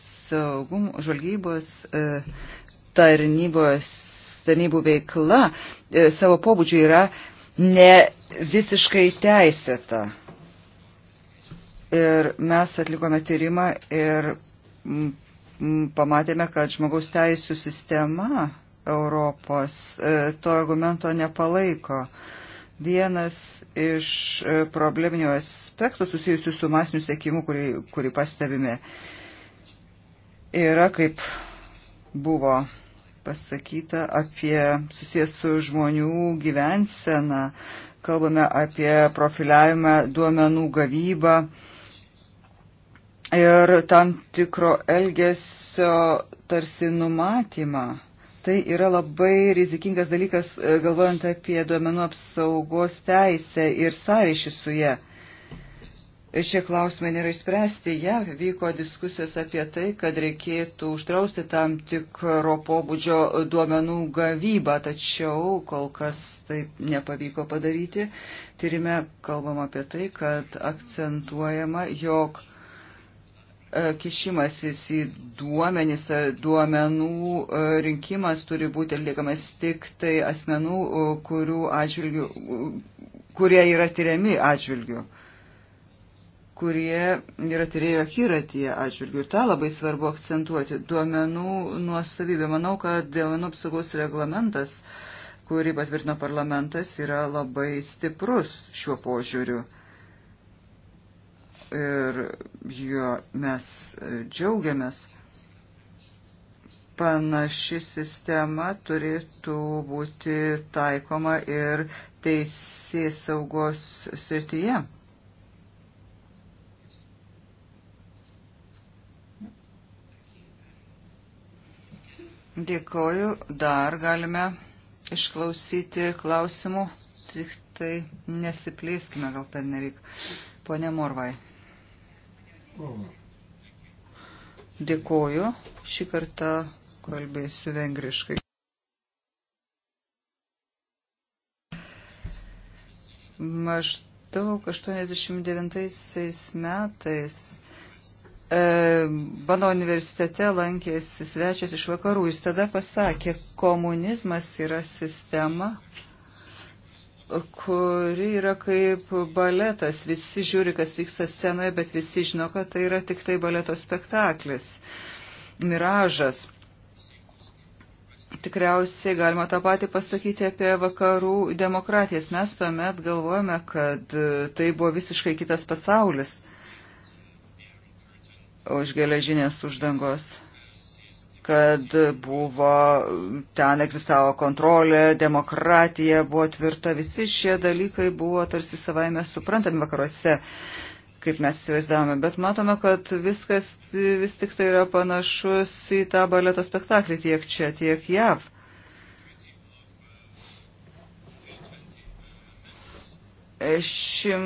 Saugumo žvalgybos e, tarnybos, tarnybų veikla e, savo pobūdžiu yra ne visiškai teisėta. Ir mes atlikome tyrimą ir pamatėme, kad žmogaus teisų sistema Europos e, to argumento nepalaiko. Vienas iš e, probleminių aspektų susijusių su masiniu sėkimu, kurį, kurį pastebime, yra, kaip buvo pasakyta, apie susijęs su žmonių gyvenseną. Kalbame apie profiliavimą, duomenų gavybą ir tam tikro elgesio tarsi numatymą tai yra labai rizikingas dalykas, e, galvojant apie duomenų apsaugos teisę ir sąryšį su ją. Šie klausimai nėra išspręsti. Ja vyko diskusijos apie tai, kad reikėtų uždrausti tam tikro pobūdžio duomenų gavybą, tačiau kol kas taip nepavyko padaryti. Tyrime kalbam apie tai, kad akcentuojama, jog E, kišimasis į duomenys ar e, duomenų e, rinkimas turi būti atliekamas tik tai asmenų, kurių atžvilgių, kurie yra tyriami atžvilgių, kurie yra tyrėjo akiratyje atžvilgių. Ir tą labai svarbu akcentuoti. Duomenų nuosavybė. Manau, kad duomenų apsaugos reglamentas, kurį patvirtino parlamentas, yra labai stiprus šiuo požiūriu ir jo mes e, džiaugiamės. Panaši sistema turėtų būti taikoma ir teisės saugos srityje. Dėkoju, dar galime išklausyti klausimų, tik tai nesiplėskime gal per nereik. Pone Morvai. Dėkoju. Šį kartą kalbėsiu vengriškai. Maždaug 89 metais e, mano universitete lankėsi svečias iš vakarų. Jis tada pasakė, komunizmas yra sistema, kuri yra kaip baletas. Visi žiūri, kas vyksta scenoje, bet visi žino, kad tai yra tik tai baleto spektaklis, miražas. Tikriausiai galima tą patį pasakyti apie vakarų demokratijas. Mes tuomet galvojame, kad e, tai buvo visiškai kitas pasaulis už geležinės uždangos kad buvo, ten egzistavo kontrolė, demokratija buvo tvirta, visi šie dalykai buvo tarsi savaime suprantami vakaruose, kaip mes įsivaizdavome, bet matome, kad viskas vis tik tai yra panašus į tą baleto spektaklį tiek čia, tiek jav. Šim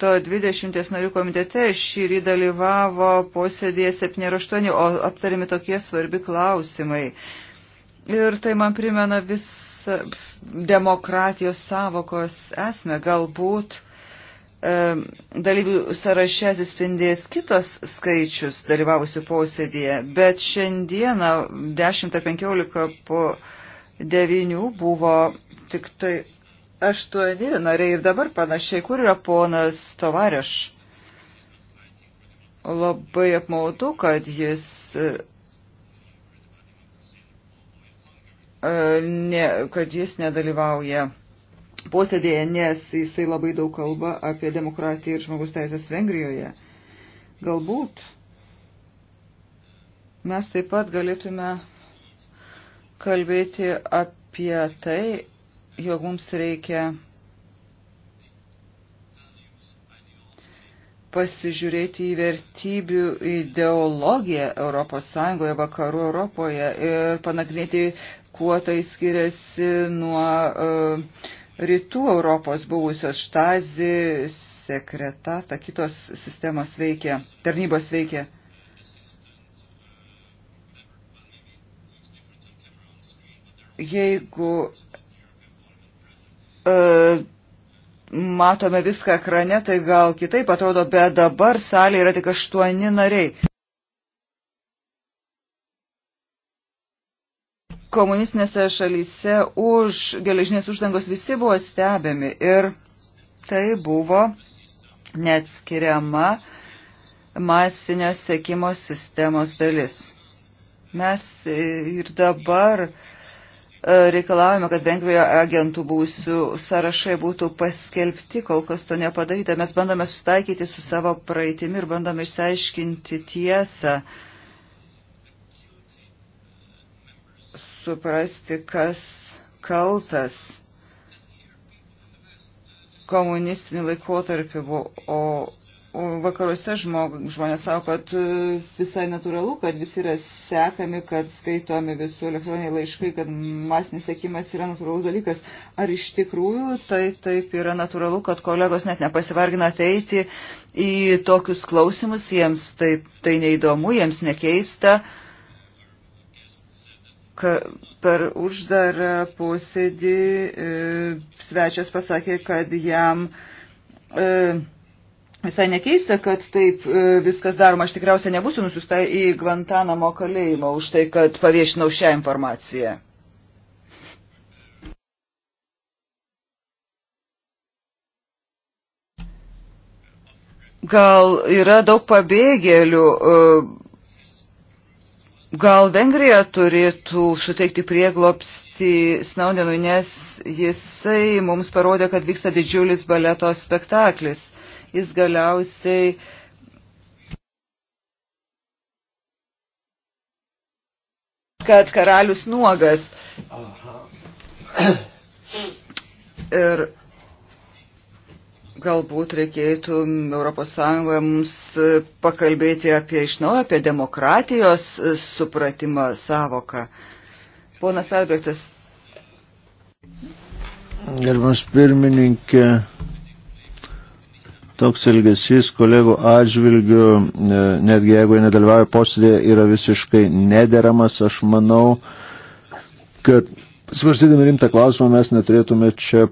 to 20 narių komitete šį rytą dalyvavo posėdėje 7-8, o aptarimi tokie svarbi klausimai. Ir tai man primena visą demokratijos savokos esmę. Galbūt e, dalyvių sąraše atsispindės kitas skaičius dalyvavusių posėdėje, bet šiandieną 10 ar 15 po 9 buvo tik tai aštuoni nariai ir dabar panašiai, kur yra ponas Tovareš. Labai apmaudu, kad jis e, ne, kad jis nedalyvauja posėdėje, nes jisai labai daug kalba apie demokratiją ir žmogus teisės Vengrijoje. Galbūt mes taip pat galėtume kalbėti apie tai, jog mums reikia pasižiūrėti į vertybių ideologiją Europos Sąjungoje, vakarų Europoje ir panagrinėti, kuo tai skiriasi nuo uh, rytų Europos buvusios štazi, sekretata, kitos sistemos veikia, tarnybos veikia. Jeigu E, matome viską ekrane, tai gal kitaip atrodo, bet dabar salė yra tik aštuoni nariai. Komunistinėse šalyse už geležinės uždangos visi buvo stebiami ir tai buvo neatskiriama masinio sekimo sistemos dalis. Mes ir dabar uh, reikalavome, kad Vengrijoje agentų būsių sąrašai būtų paskelbti, kol kas to nepadaryta. Mes bandome sustaikyti su savo praeitimi ir bandome išsiaiškinti tiesą, suprasti, kas kaltas komunistiniu laikotarpiu, o Vakaruose žmog, žmonės savo, kad e, visai natūralu, kad visi yra sekami, kad skaitomi visų elektroniniai laiškai, kad masinis sekimas yra natūralus dalykas. Ar iš tikrųjų tai taip yra natūralu, kad kolegos net nepasivargina ateiti į tokius klausimus, jiems taip, tai neįdomu, jiems nekeista. Ka, per uždarą posėdį e, svečias pasakė, kad jam e, Visai nekeista, kad taip e, viskas daroma. Aš tikriausiai nebūsiu nusiusta į Guantanamo kalėjimą už tai, kad paviešinau šią informaciją. Gal yra daug pabėgėlių, e, gal Vengrija turėtų suteikti prieglopsti Snaudenui, nes jisai mums parodė, kad vyksta didžiulis baleto spektaklis jis galiausiai kad karalius nuogas. Ir galbūt reikėtų ES mums pakalbėti apie iš naujo, apie demokratijos supratimą savoką. Ponas Albrechtas. Gerbiamas pirmininkė, Toks elgesys kolegų atžvilgių, e, netgi jeigu jie nedalyvauja posėdėje, yra visiškai nederamas. Aš manau, kad svarstydami rimtą klausimą mes neturėtume čia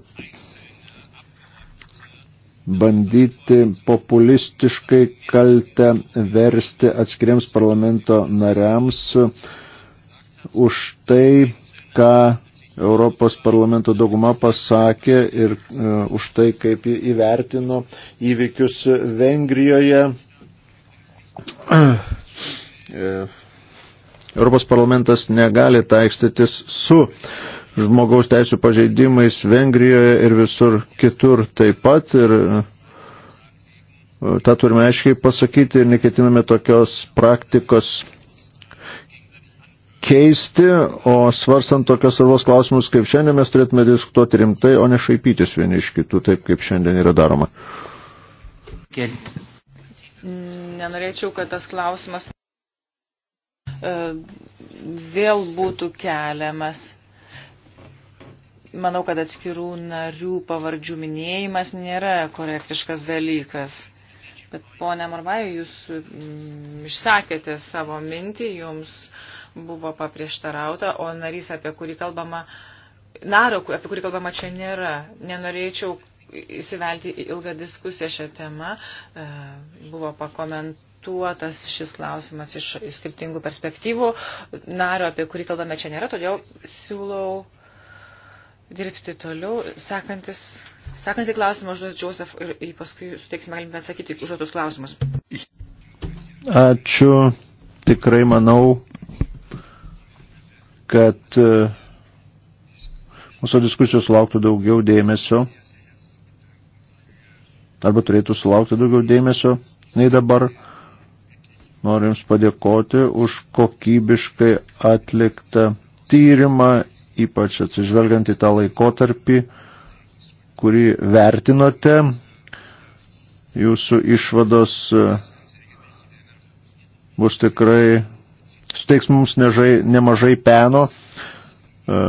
bandyti populistiškai kaltę versti atskiriams parlamento nariams už tai, ką Europos parlamento dauguma pasakė ir uh, už tai, kaip įvertino įvykius Vengrijoje. E, Europos parlamentas negali taikstytis su žmogaus teisų pažeidimais Vengrijoje ir visur kitur taip pat. Ir uh, tą turime aiškiai pasakyti ir neketiname tokios praktikos keisti, o svarstant tokias svarbos klausimus kaip šiandien mes turėtume diskutuoti rimtai, o ne šaipytis vieni iš kitų, taip kaip šiandien yra daroma. Nenorėčiau, kad tas klausimas e, vėl būtų keliamas. Manau, kad atskirų narių pavardžių minėjimas nėra korektiškas dalykas. Bet ponia Marvai, jūs mm, išsakėte savo mintį, jums uh, buvo paprieštarauta, o narys, apie kurį kalbama, naro, apie kurį kalbama čia nėra. Nenorėčiau įsivelti į ilgą diskusiją šią temą. E, buvo pakomentuotas šis klausimas iš skirtingų perspektyvų. Nario, apie kurį kalbame čia nėra, todėl siūlau dirbti toliau. Sekantis, sekantį klausimą užduos Josef ir paskui suteiksime galimybę atsakyti užduotus klausimus. Ačiū. Tikrai manau, kad e, mūsų diskusijos lauktų daugiau dėmesio arba turėtų sulaukti daugiau dėmesio nei dabar. Noriu Jums padėkoti už kokybiškai atliktą tyrimą, ypač atsižvelgiant į tą laikotarpį, kurį vertinote. Jūsų išvados e, bus tikrai suteiks mums nežai, nemažai peno e,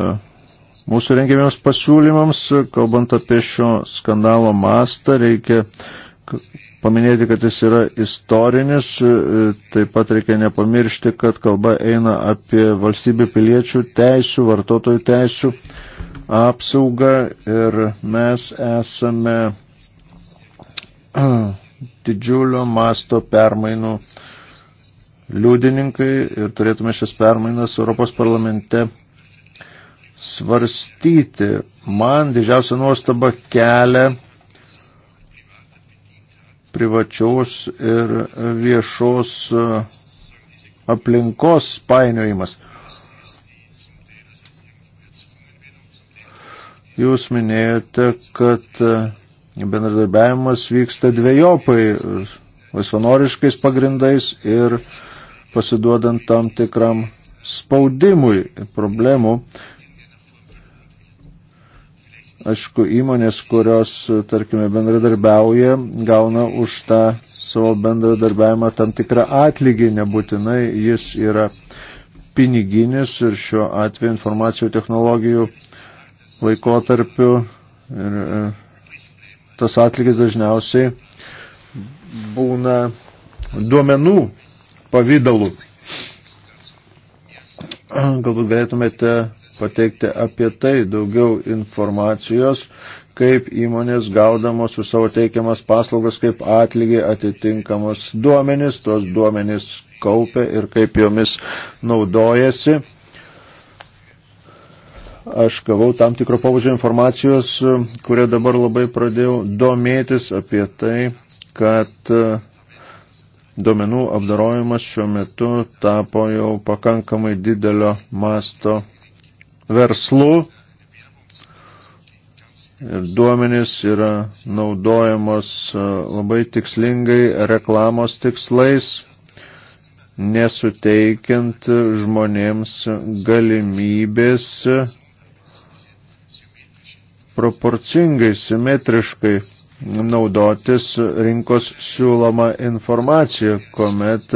mūsų rengiamiems pasiūlymams. Kalbant apie šio skandalo mastą, reikia paminėti, kad jis yra istorinis, e, taip pat reikia nepamiršti, kad kalba eina apie valstybių piliečių teisų, vartotojų teisų apsaugą ir mes esame didžiulio masto permainų uh, liudininkai ir turėtume šias permainas Europos parlamente svarstyti. Man didžiausia nuostaba kelia privačiaus ir viešos aplinkos painiojimas. Jūs minėjote, kad bendradarbiavimas vyksta dviejopai, laisvanoriškais pagrindais ir uh, pasiduodant tam tikram spaudimui problemų. Aišku, įmonės, kurios, tarkime, bendradarbiauja, gauna už tą savo bendradarbiavimą tam tikrą atlygį, nebūtinai jis yra piniginis ir šiuo atveju informacijų technologijų laikotarpiu ir e, tas atlygis dažniausiai būna duomenų pavydalu. Galbūt galėtumėte pateikti apie tai daugiau informacijos, kaip įmonės gaudamos už savo teikiamas paslaugas, kaip atlygiai atitinkamos duomenys, tos duomenys kaupia ir kaip jomis naudojasi. Aš gavau tam tikro pavadžio informacijos, kurie dabar labai pradėjau domėtis apie tai, kad duomenų apdarojimas šiuo metu tapo jau pakankamai didelio masto verslu. Ir duomenys yra naudojamos e, labai tikslingai reklamos tikslais, nesuteikiant žmonėms galimybės proporcingai, simetriškai naudotis rinkos siūloma informacija, kuomet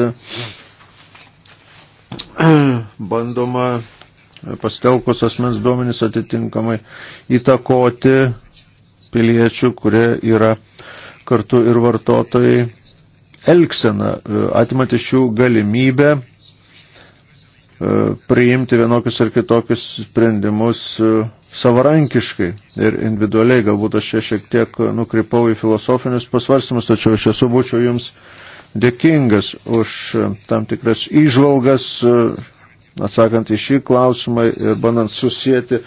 bandoma pastelkus asmens duomenys atitinkamai įtakoti piliečių, kurie yra kartu ir vartotojai elgsena, atimant iš jų galimybę priimti vienokius ar kitokius sprendimus savarankiškai ir individualiai. Galbūt aš čia šiek tiek nukrypau į filosofinius pasvarstymus, tačiau aš esu būčiau jums dėkingas už e, tam tikras įžvalgas, e, atsakant į šį klausimą ir bandant susijęti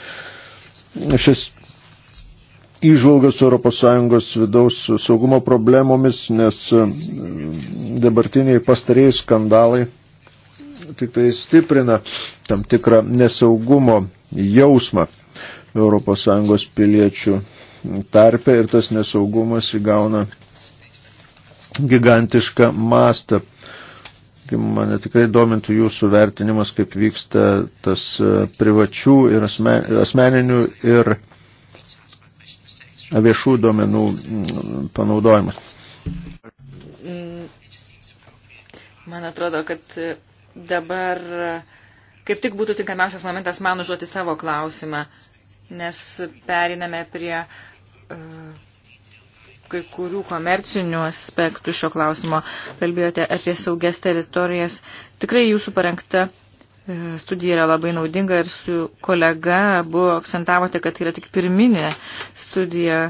šis įžvalgas su ES vidaus saugumo problemomis, nes e, dabartiniai pastarėjai skandalai tik tai stiprina tam tikrą nesaugumo jausmą ES piliečių tarpe ir tas nesaugumas įgauna gigantišką mastą. Mane tikrai domintų jūsų vertinimas, kaip vyksta tas e, privačių ir asmeninių ir viešų duomenų panaudojimas. Mm. Man atrodo, kad dabar kaip tik būtų tinkamiausias momentas man užduoti savo klausimą, nes periname prie e, kai kurių komercinių aspektų šio klausimo. Kalbėjote apie saugias teritorijas. Tikrai jūsų parengta e, studija yra labai naudinga ir su kolega buvo akcentavote, kad tai yra tik pirminė studija,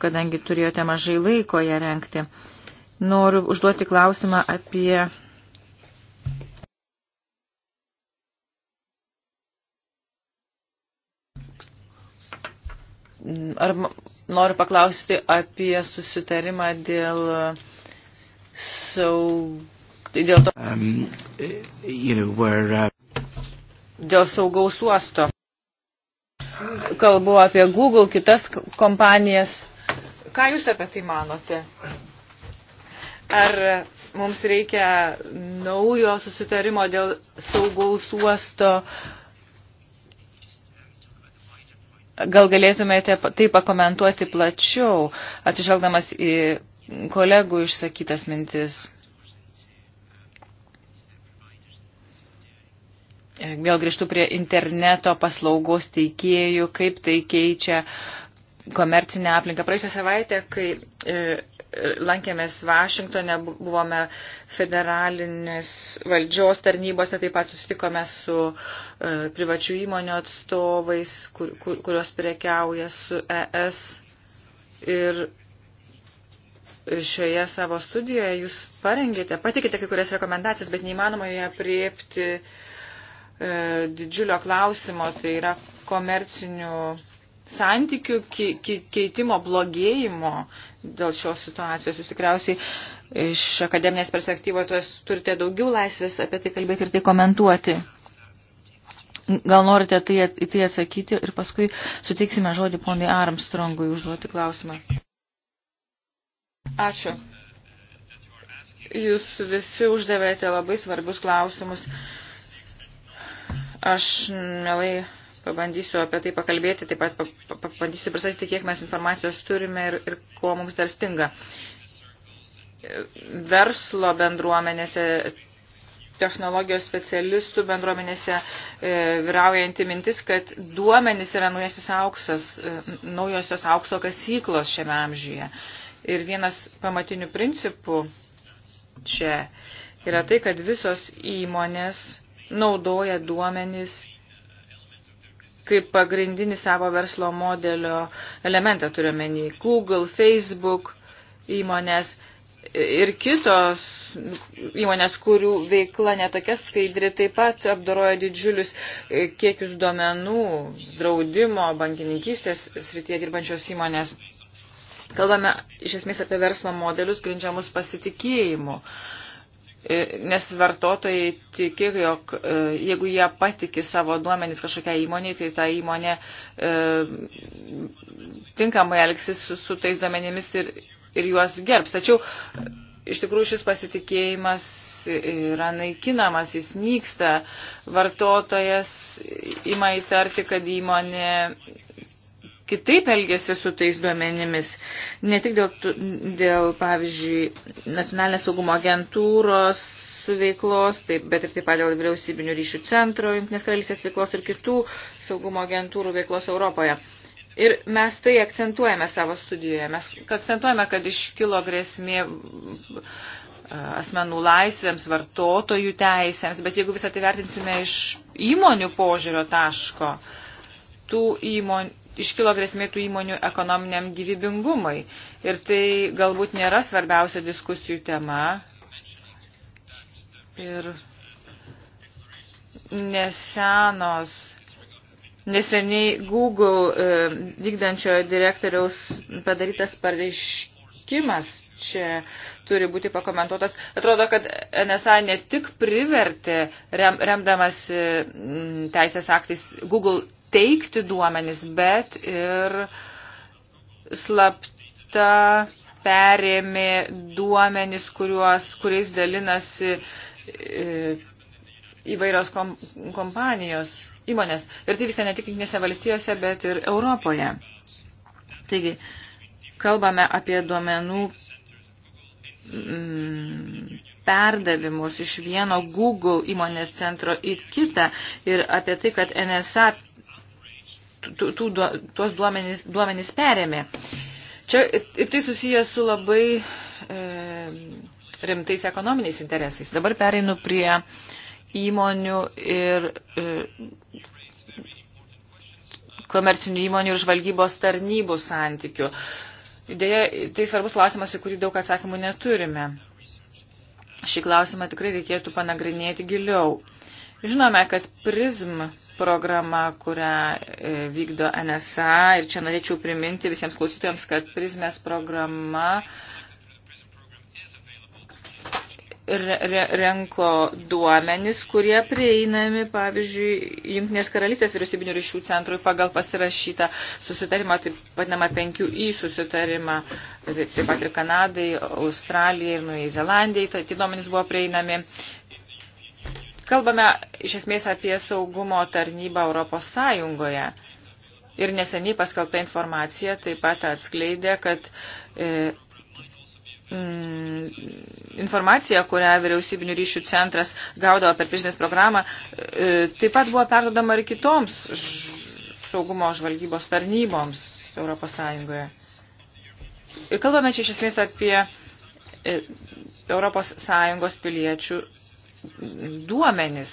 kadangi turėjote mažai laiko ją renkti. Noriu užduoti klausimą apie ar noriu paklausti apie susitarimą dėl saug... dėl, to... um, you know, where, uh... dėl saugaus uosto. Kalbu apie Google, kitas kompanijas. Ką Jūs apie tai manote? Ar mums reikia naujo susitarimo dėl saugaus uosto Gal galėtumėte tai pakomentuoti plačiau, atsižvelgdamas į kolegų išsakytas mintis. E, vėl grįžtu prie interneto paslaugos teikėjų, kaip tai keičia komercinę aplinką. Praėjusią savaitę, kai e, lankėmės Vašingtone, buvome federalinės valdžios tarnybose, taip pat susitikome su e, privačių įmonių atstovais, kur, kur, kurios prekiauja su ES. Ir šioje savo studijoje jūs parengėte, patikite kai kurias rekomendacijas, bet neįmanoma joje priepti e, didžiulio klausimo, tai yra komercinių santykių keitimo blogėjimo dėl šios situacijos. Jūs tikriausiai iš akademinės perspektyvos turite daugiau laisvės apie tai kalbėti ir tai komentuoti. Gal norite tai, į tai atsakyti ir paskui suteiksime žodį poniai Armstrongui užduoti klausimą. Ačiū. Jūs visi uždavėte labai svarbius klausimus. Aš mielai pabandysiu apie tai pakalbėti, taip pat pabandysiu pristatyti, kiek mes informacijos turime ir, ir ko mums dar stinga. Verslo bendruomenėse, technologijos specialistų bendruomenėse e, vyraujanti mintis, kad duomenys yra naujasis auksas, e, naujosios aukso kasyklos šiame amžiuje. Ir vienas pamatinių principų čia yra tai, kad visos įmonės naudoja duomenys kaip pagrindinį savo verslo modelio elementą turiuomenį. Google, Facebook įmonės ir kitos įmonės, kurių veikla netokia skaidri, taip pat apdoroja didžiulius e, kiekius duomenų, draudimo, bankininkystės srityje dirbančios įmonės. Kalbame iš esmės apie verslo modelius grindžiamus pasitikėjimu. Uh, E, nes vartotojai tiki, jog e, jeigu jie patiki savo duomenys kažkokiai įmoniai, tai ta įmonė e, tinkamai elgsis su, su tais duomenimis ir, ir juos gerbs. Tačiau e, iš tikrųjų šis pasitikėjimas yra naikinamas, jis nyksta. Vartotojas ima įtarti, kad įmonė kitaip elgėsi su tais duomenimis. Ne tik dėl, dėl pavyzdžiui, nacionalinės saugumo agentūros veiklos, taip, bet ir taip pat dėl vyriausybinių ryšių centro, Junktinės karalystės veiklos ir kitų saugumo agentūrų veiklos Europoje. Ir mes tai akcentuojame savo studijoje. Mes akcentuojame, kad iškilo grėsmė e, asmenų laisvėms, vartotojų teisėms, bet jeigu visą tai vertinsime iš įmonių požiūrio taško, tų įmonių iškilo grėsmė tų įmonių ekonominiam gyvybingumui. Ir tai galbūt nėra svarbiausia diskusijų tema. Ir nesenos, neseniai Google e, vykdančiojo direktoriaus padarytas pareiškimas veikimas čia turi būti pakomentuotas. Atrodo, kad NSA ne tik privertė, rem, remdamas mm, teisės aktais, Google teikti duomenis, bet ir slapta perėmė duomenis, kuriuos, kuriais dalinasi e, įvairios kom, kompanijos, įmonės. Ir tai vyksta ne tik Junktinėse valstijose, bet ir Europoje. Taigi, uh, kalbame apie duomenų mm, perdavimus iš vieno Google įmonės centro į kitą ir apie tai, kad NSA tų, tų, tuos duomenys, duomenys perėmė. Čia ir tai susijęs su labai e, rimtais ekonominiais interesais. Dabar pereinu prie įmonių ir e, komercinių įmonių ir žvalgybos tarnybų santykių. E, Dėja, tai svarbus klausimas, į kurį daug atsakymų neturime. Šį klausimą tikrai reikėtų panagrinėti giliau. Žinome, kad PRISM programa, kurią e, vykdo NSA, ir čia norėčiau priminti visiems klausytojams, kad PRISMės programa uh, re renko duomenis, kurie prieinami, pavyzdžiui, Junktinės karalystės vyriausybinių ryšių centrui pagal pasirašytą susitarimą, taip vadinamą 5i susitarimą, taip pat ir Kanadai, Australijai ir Nuėjai Zelandijai, tai tie duomenys buvo prieinami. Kalbame iš esmės apie saugumo tarnybą Europos Sąjungoje. Ir neseniai paskelbta informacija taip pat atskleidė, kad e, Mm, informacija, kurią vyriausybinių ryšių centras gaudavo per prizinės programą, e, taip pat buvo perdodama ir kitoms saugumo žvalgybos tarnyboms Europos Sąjungoje. Kalbame čia iš esmės apie e, Europos Sąjungos piliečių duomenis.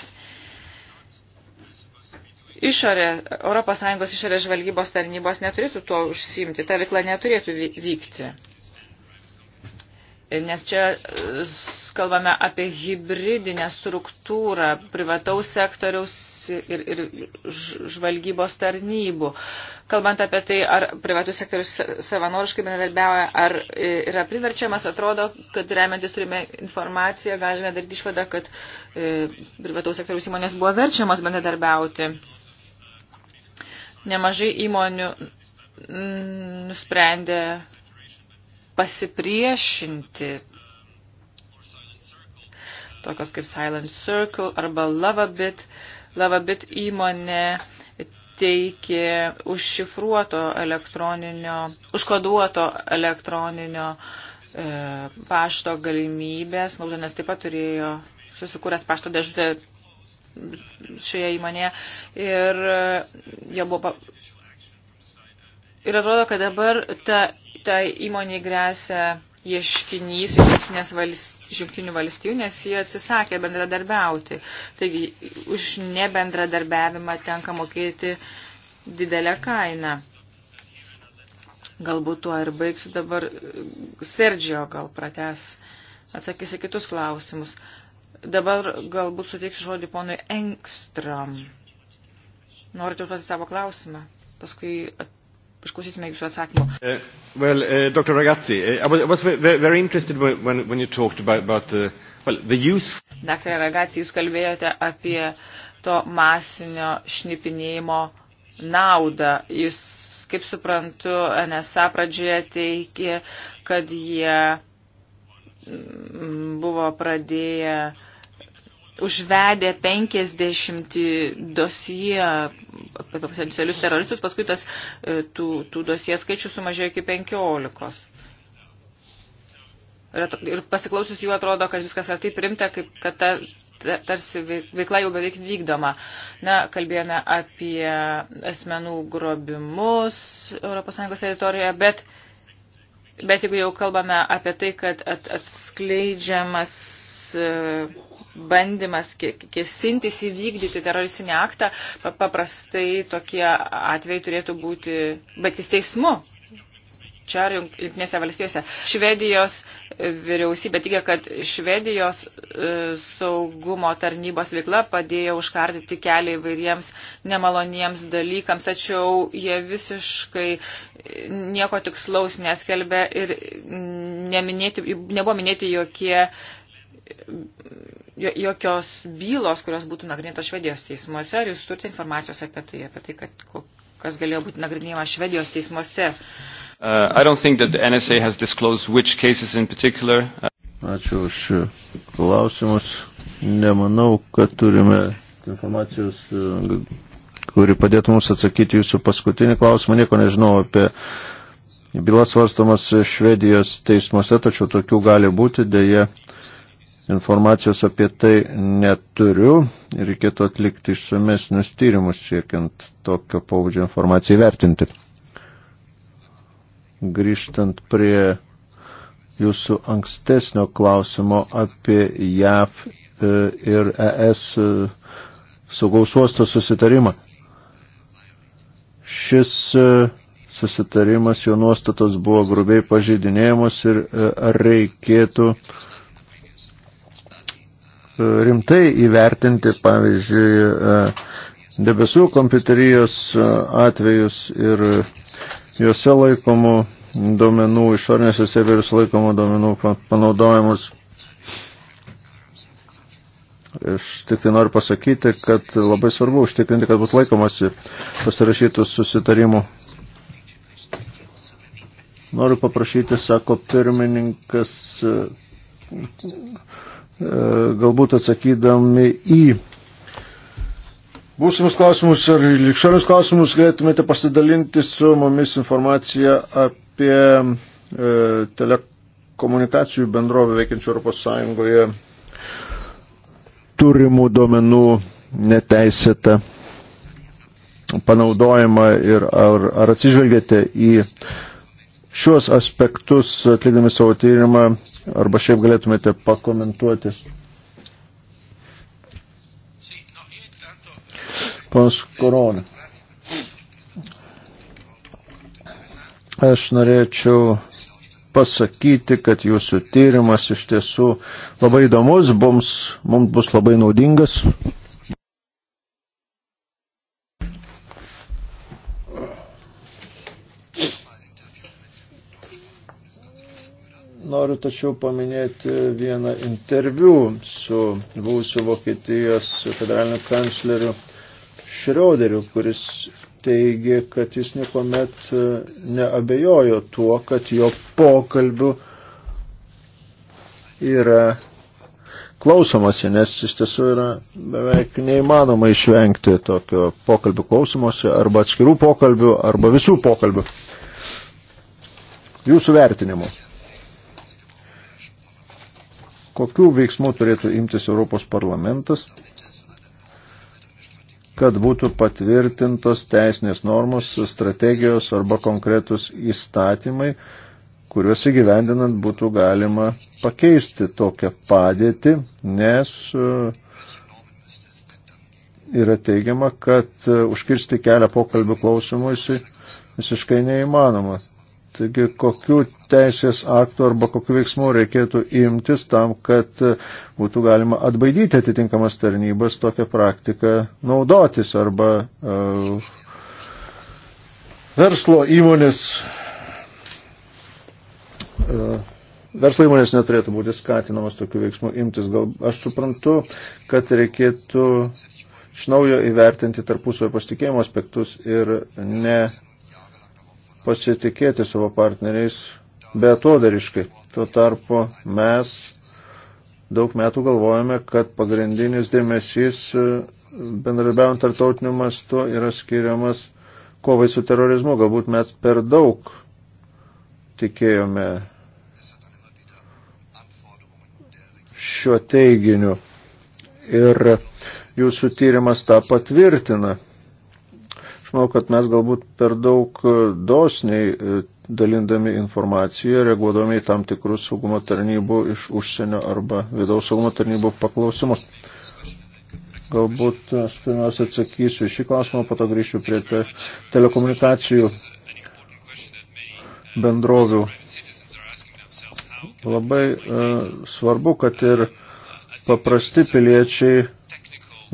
Išorė, Europos Sąjungos išorės žvalgybos tarnybos neturėtų tuo užsimti, ta veikla neturėtų vykti nes čia e, kalbame apie hybridinę struktūrą privataus sektoriaus ir, ir žvalgybos tarnybų. Kalbant apie tai, ar privatus sektorius savanoriškai bendradarbiauja, ar e, yra priverčiamas, atrodo, kad remiantis turime informaciją, galime daryti išvadą, kad e, privataus sektoriaus įmonės buvo verčiamas bendradarbiauti. Nemažai įmonių nusprendė pasipriešinti. Tokios kaip Silent Circle arba Lavabit. Lavabit įmonė teikė užšifruoto elektroninio, užkoduoto elektroninio e, pašto galimybės. Naudonas taip pat turėjo susikūręs pašto dėžutę šioje įmonėje ir e, jo buvo. Ir atrodo, kad dabar ta tai įmoniai grėsia ieškinys iš jungtinių valstijų, nes jie atsisakė bendradarbiauti. Taigi už nebendradarbiavimą tenka mokėti didelę kainą. Galbūt tuo ir baigsiu dabar. Sergio gal prates, atsakysi kitus klausimus. Dabar galbūt suteiksiu žodį ponui Engstram. Norite užduoti savo klausimą? Paskui at Išklausysime jūsų atsakymų. Uh, well, uh, Dr. Ragazzi, uh, I was, I was very, very interested when, when you talked about, about uh, well, the use. Dr. Ragazzi, jūs kalbėjote apie to masinio šnipinėjimo naudą. Jūs, kaip suprantu, NSA pradžioje teikė, kad jie mm, buvo pradėję uh, užvedė 50 dosiją apie potencialius teroristus, paskui tas e, tų, tų dosiją skaičių sumažėjo iki 15. Ir pasiklausius jų atrodo, kad viskas ar taip rimta, kaip kad ta, ta, tarsi veikla jau beveik vykdoma. Na, kalbėjome apie asmenų grobimus ES teritorijoje, bet, bet jeigu jau kalbame apie tai, kad at, atskleidžiamas E, bandymas kėsintis įvykdyti teroristinį aktą, paprastai tokie atvejai turėtų būti baigtis teismu. Čia ar jungtinėse valstijose. Švedijos vyriausybė teigia, kad Švedijos e, saugumo tarnybos veikla padėjo užkardyti kelią įvairiems nemaloniems dalykams, tačiau jie visiškai nieko tikslaus neskelbė ir neminėti, nebuvo minėti jokie uh, jokios bylos, kurios būtų nagrinėtos Švedijos teismuose, ar jūs turite informacijos apie tai, apie tai, kad, kas galėjo būti nagrinėjama Švedijos teismuose? Uh, I don't think that the NSA has disclosed which cases in particular. Ačiū už klausimus. Nemanau, kad turime informacijos, uh, kuri padėtų mums atsakyti jūsų paskutinį klausimą. Nieko nežinau apie bylas svarstamas Švedijos teismuose, tačiau tokių gali būti. Deja, uh, informacijos apie tai neturiu ir reikėtų atlikti išsamesnius tyrimus siekiant tokio paudžio informaciją vertinti. Grįžtant prie jūsų ankstesnio klausimo apie JAV e, ir ES e, saugaus uosto susitarimą. Šis e, susitarimas, jo nuostatos buvo grubiai pažeidinėjamos ir reikėtų uh, rimtai įvertinti, pavyzdžiui, e, debesų kompiuterijos e, atvejus ir juose laikomų duomenų, išorinėse serverius laikomų duomenų panaudojimus. Aš tik tai noriu pasakyti, kad labai svarbu užtikrinti, kad būtų laikomasi pasirašytų susitarimų. Noriu paprašyti, sako pirmininkas, galbūt atsakydami į būsimus klausimus ar likščionius klausimus galėtumėte pasidalinti su mumis informaciją apie e, telekomunikacijų bendrovę veikiančių Europos Sąjungoje turimų duomenų neteisėtą panaudojimą ir ar, ar atsižvelgėte į e, šiuos aspektus, atlikdami savo tyrimą, arba šiaip galėtumėte pakomentuoti? Pons Koronė. Aš norėčiau pasakyti, kad jūsų tyrimas iš tiesų labai įdomus, mums, mums bus labai naudingas. Noriu tačiau paminėti vieną interviu su būsiu Vokietijos federaliniu kancleriu Šrioderiu, kuris teigė, kad jis niekuomet e, neabejojo tuo, kad jo pokalbių yra klausomasi, nes iš tiesų yra beveik neįmanoma išvengti tokio pokalbių klausimuose arba atskirų pokalbių arba visų pokalbių. Jūsų vertinimu. Kokių veiksmų turėtų imtis Europos parlamentas, kad būtų patvirtintos teisinės normos, strategijos arba konkretus įstatymai, kuriuos įgyvendinant būtų galima pakeisti tokią padėtį, nes e, yra teigiama, kad e, užkirsti kelią pokalbių klausimuisi visiškai neįmanoma. Taigi, kokiu teisės aktų arba kokiu veiksmu reikėtų imtis tam, kad e, būtų galima atbaidyti atitinkamas tarnybas tokią praktiką naudotis arba uh, verslo įmonės. Uh, Verslo įmonės neturėtų būti skatinamas tokių veiksmų imtis. Gal aš suprantu, kad reikėtų iš naujo įvertinti tarpusavio pasitikėjimo aspektus ir ne pasitikėti savo partneriais betodariškai. Tuo tarpu mes daug metų galvojame, kad pagrindinis dėmesys e, bendradarbiaujant tarptautiniu mastu yra skiriamas kovai su terorizmu. Galbūt mes per daug tikėjome šiuo teiginiu. Ir jūsų tyrimas tą patvirtina. Aš manau, kad mes galbūt per daug e, dosniai e, dalindami informaciją, reaguodami į tam tikrus saugumo tarnybų iš užsienio arba vidaus saugumo tarnybų paklausimus. Galbūt aš pirmiausia atsakysiu šį klausimą, po to grįšiu prie te telekomunikacijų bendrovių. Labai uh, svarbu, kad ir paprasti piliečiai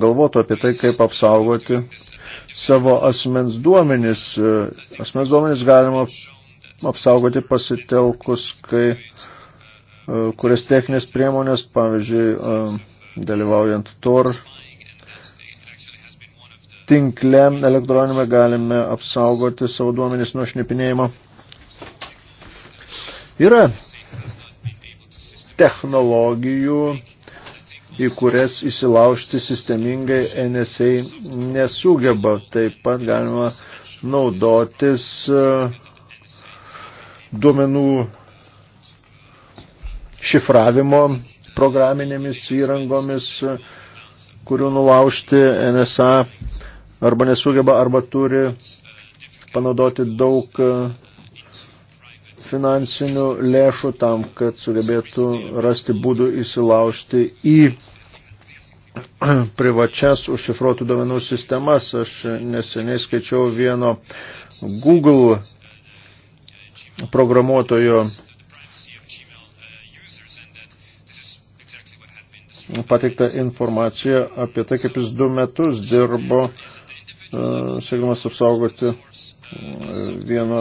galvotų apie tai, kaip apsaugoti savo asmens duomenis. E, asmens duomenis galima apsaugoti pasitelkus, kai e, kurias techninės priemonės, pavyzdžiui, e, dalyvaujant TOR tinkle elektroninėme galime apsaugoti savo duomenis nuo šnipinėjimo. Yra technologijų į kurias įsilaužti sistemingai NSA nesugeba. Taip pat galima naudotis e, duomenų šifravimo programinėmis įrangomis, kurių nulaužti NSA arba nesugeba, arba turi panaudoti daug e, finansinių lėšų tam, kad sugebėtų rasti būdų įsilaužti į privačias užšifruotų domenų sistemas. Aš neseniai skaičiau vieno Google programuotojo pateiktą informaciją apie tai, kaip jis du metus dirbo, e, siekdamas apsaugoti e, vieno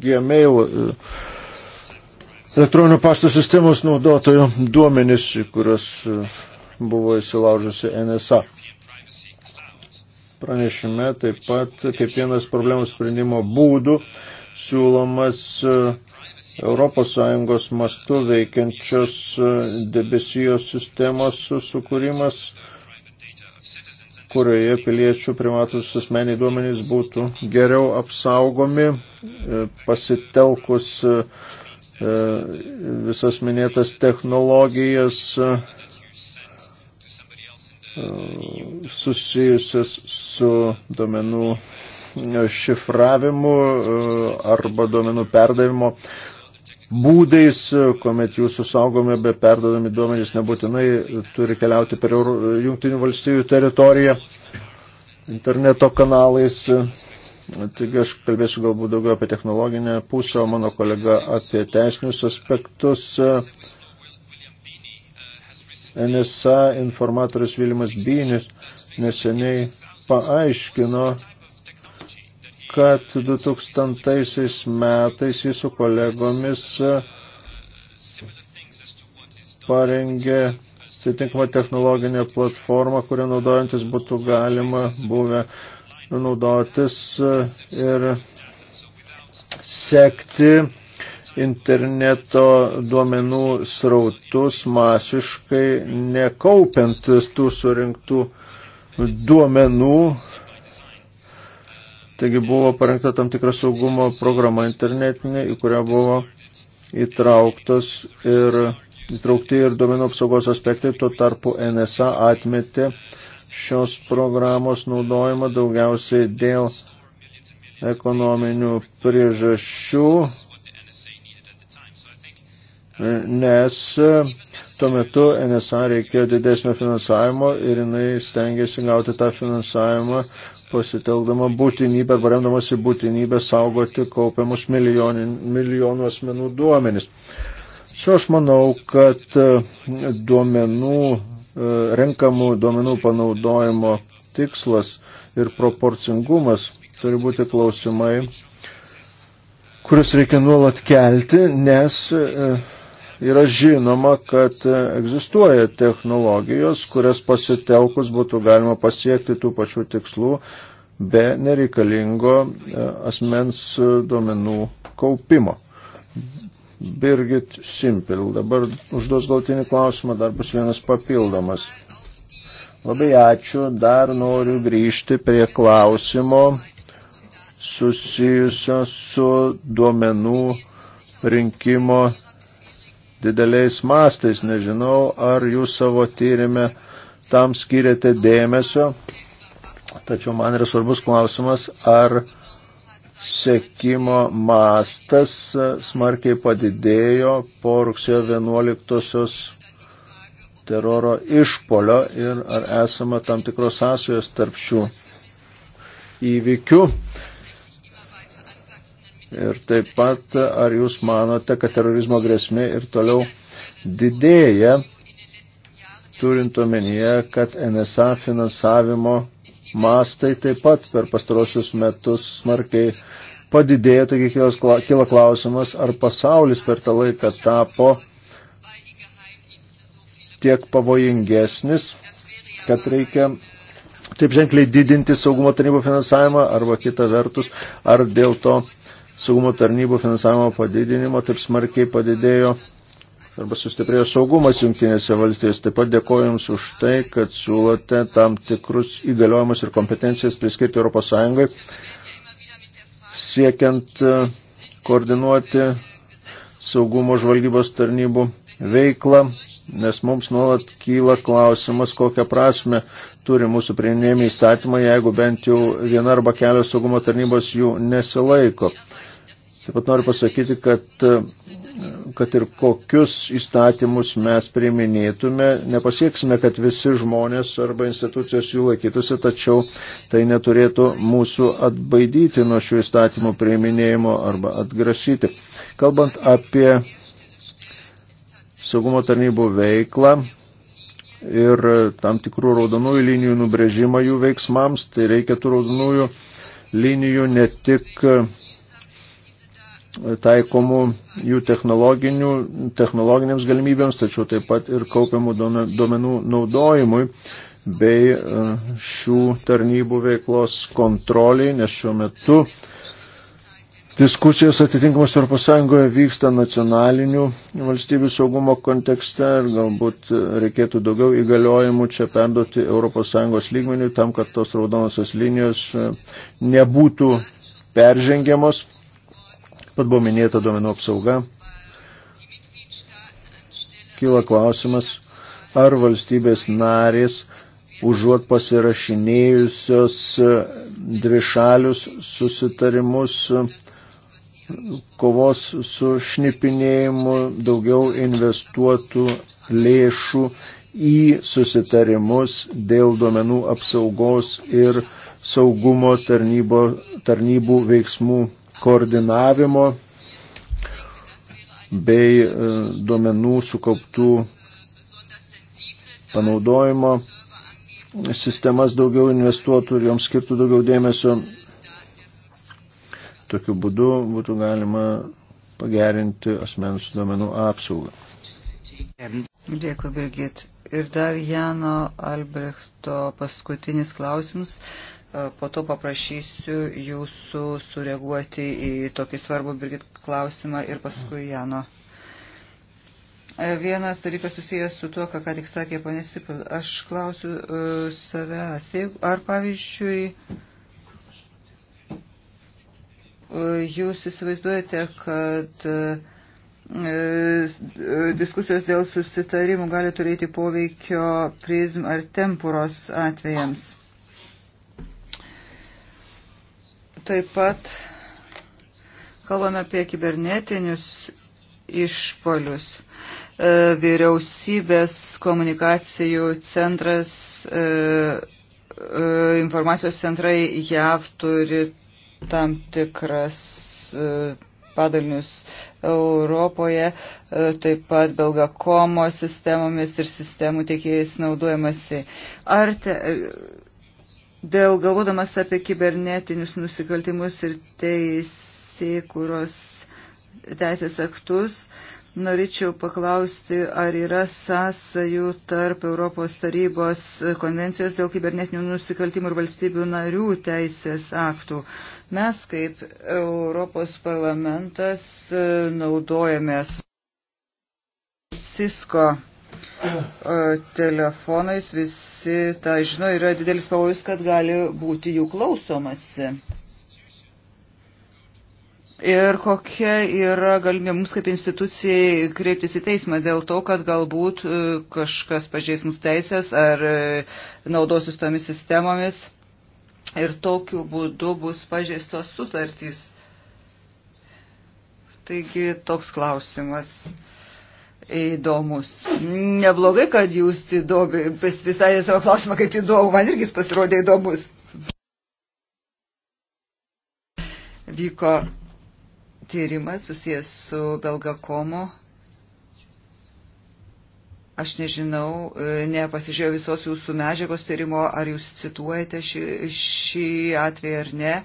Gmail elektroninio pašto sistemos naudotojų duomenis, kurios buvo įsilaužusi NSA. Pranešime taip pat, kaip vienas problemų sprendimo būdų, siūlomas ES mastu veikiančios debesijos sistemos sukūrimas. Su kurioje piliečių privatus asmeniai duomenys būtų geriau apsaugomi, e, pasitelkus e, e, visas minėtas technologijas susijusias su domenų šifravimu arba domenų perdavimo būdais, kuomet jūsų saugomi be perdodami duomenys nebūtinai turi keliauti per jungtinių valstybių teritoriją interneto kanalais. Taigi aš kalbėsiu galbūt daugiau apie technologinę pusę, o mano kolega apie teisinius aspektus. NSA informatorius Vilimas Bynis neseniai paaiškino, kad 2000 metais jis su kolegomis e, parengė atitinkamą technologinę platformą, kurią naudojantis būtų galima buvę naudotis e, ir sekti interneto duomenų srautus masiškai nekaupiant tų surinktų duomenų Taigi buvo parengta tam tikra saugumo programa internetinė, į kurią buvo įtrauktos ir įtraukti ir domenų apsaugos aspektai, tuo tarpu NSA atmetė šios programos naudojimą daugiausiai dėl ekonominių priežasčių, nes tuo metu NSA reikėjo didesnio finansavimo ir jinai stengiasi gauti tą finansavimą, pasitelkdama būtinybę, varemdamasi būtinybę saugoti kaupiamus milijonų asmenų duomenis. Čia aš manau, kad e, duomenų, e, renkamų duomenų panaudojimo tikslas ir proporcingumas turi būti klausimai, kuriuos reikia nuolat kelti, nes e, yra žinoma, kad egzistuoja technologijos, kurias pasitelkus būtų galima pasiekti tų pačių tikslų be nereikalingo e, asmens duomenų kaupimo. Birgit Simpil, dabar užduos galtinį klausimą, dar bus vienas papildomas. Labai ačiū, dar noriu grįžti prie klausimo susijusio su duomenų rinkimo dideliais mastais. Nežinau, ar jūs savo tyrimę tam skiriate dėmesio, tačiau man yra svarbus klausimas, ar sekimo mastas smarkiai padidėjo po rugsėjo 11-osios teroro išpolio ir ar esama tam tikros sąsajos tarp šių įvykių. Ir taip pat, ar jūs manote, kad terorizmo grėsmė ir toliau didėja, turint omenyje, kad NSA finansavimo mastai taip pat per pastarosius metus smarkiai padidėjo, taigi kila klausimas, ar pasaulis per tą laiką tapo tiek pavojingesnis, kad reikia taip ženkliai didinti saugumo tarnybų finansavimą arba kita vertus, ar dėl to saugumo tarnybų finansavimo padidinimo taip smarkiai padidėjo arba sustiprėjo saugumas jungtinėse valstijose. Taip pat dėkoju Jums už tai, kad siūlote tam tikrus įgaliojimus ir kompetencijas priskirti ES, siekiant e, koordinuoti saugumo žvalgybos tarnybų veiklą, nes mums nuolat kyla klausimas, kokią prasme turi mūsų prieinėjami įstatymai, jeigu bent jau viena arba kelios saugumo tarnybos jų nesilaiko. Taip pat noriu pasakyti, kad, kad ir kokius įstatymus mes priminėtume, nepasieksime, kad visi žmonės arba institucijos jų laikytųsi, tačiau tai neturėtų mūsų atbaidyti nuo šių įstatymų priminėjimo arba atgrasyti. Kalbant apie saugumo tarnybų veiklą, ir tam tikrų raudonųjų linijų nubrėžimą jų veiksmams, tai reikia tų raudonųjų linijų ne tik taikomų jų technologinėms galimybėms, tačiau taip pat ir kaupiamų duomenų naudojimui bei e, šių tarnybų veiklos kontroliai, nes šiuo metu diskusijos atitinkamos Europos Sąjungoje vyksta nacionalinių valstybių saugumo kontekste ir galbūt reikėtų daugiau įgaliojimų čia perduoti Europos Sąjungos lygmenių tam, kad tos raudonosios linijos e, nebūtų peržengiamos pat buvo minėta duomenų apsauga. Kyla klausimas, ar valstybės narės užuot pasirašinėjusios dvišalius susitarimus kovos su šnipinėjimu daugiau investuotų lėšų į susitarimus dėl duomenų apsaugos ir saugumo tarnybo, tarnybų veiksmų koordinavimo bei e, duomenų sukauptų panaudojimo sistemas daugiau investuotų ir joms skirtų daugiau dėmesio. Tokiu būdu būtų galima pagerinti asmens duomenų apsaugą. Dėkui, Birgit. Ir dar Jano Albrechto paskutinis klausimas. E, po to paprašysiu jūsų sureaguoti į tokį svarbų Birgit klausimą ir paskui Jano. E, vienas dalykas susijęs su tuo, ką ką tik sakė ponė Sipil. Aš klausiu uh, savęs, ar pavyzdžiui, uh, jūs įsivaizduojate, kad uh, diskusijos dėl susitarimų gali turėti poveikio prizm ar tempuros atvejams. Oh. Taip pat kalbame apie kibernetinius išpolius. E, vyriausybės komunikacijų centras, e, e, informacijos centrai JAV turi tam tikras padalinius Europoje, taip pat Belgakomo sistemomis ir sistemų tiekėjais naudojamasi. Ar te, Dėl galvodamas apie kibernetinius nusikaltimus ir teisėkuros teisės aktus, norėčiau paklausti, ar yra sąsajų tarp Europos tarybos konvencijos dėl kibernetinių nusikaltimų ir valstybių narių teisės aktų. Mes kaip Europos parlamentas e, naudojamės Cisco telefonais, visi tą žino, yra didelis pavojus, kad gali būti jų klausomasi. Ir kokia yra galimybė mums kaip institucijai kreiptis į teismą dėl to, kad galbūt e, kažkas pažeis mūsų teisės ar e, naudosis tomis sistemomis ir tokiu būdu bus pažeistos sutartys. Taigi toks klausimas įdomus. Neblogai, kad jūs įdomi, pristatėte savo klausimą, kaip įdomu, man irgi jis pasirodė įdomus. Vyko tyrimas susijęs su Belgakomo. Aš nežinau, e, nepasižiūrėjau visos jūsų medžiagos tyrimo, ar jūs cituojate šį, šį atvejį ar ne.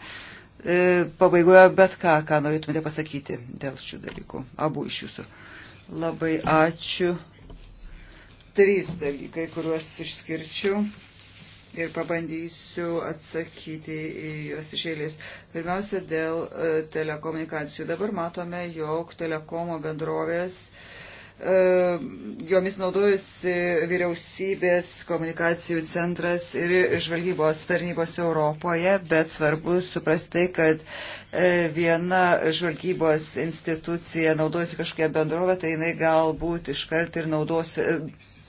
E, pabaigoje bet ką, ką norėtumėte pasakyti dėl šių dalykų, abu iš jūsų. Uh, Labai ačiū. Trys dalykai, kuriuos išskirčiau ir pabandysiu atsakyti į juos iš eilės. Pirmiausia, dėl e, telekomunikacijų. Dabar matome, jog telekomo bendrovės uh, E, jomis naudojasi vyriausybės komunikacijų centras ir žvalgybos tarnybos Europoje, bet svarbu suprasti, kad e, viena žvalgybos institucija naudojasi kažkokią bendrovę, tai jinai galbūt iškart ir naudos, e,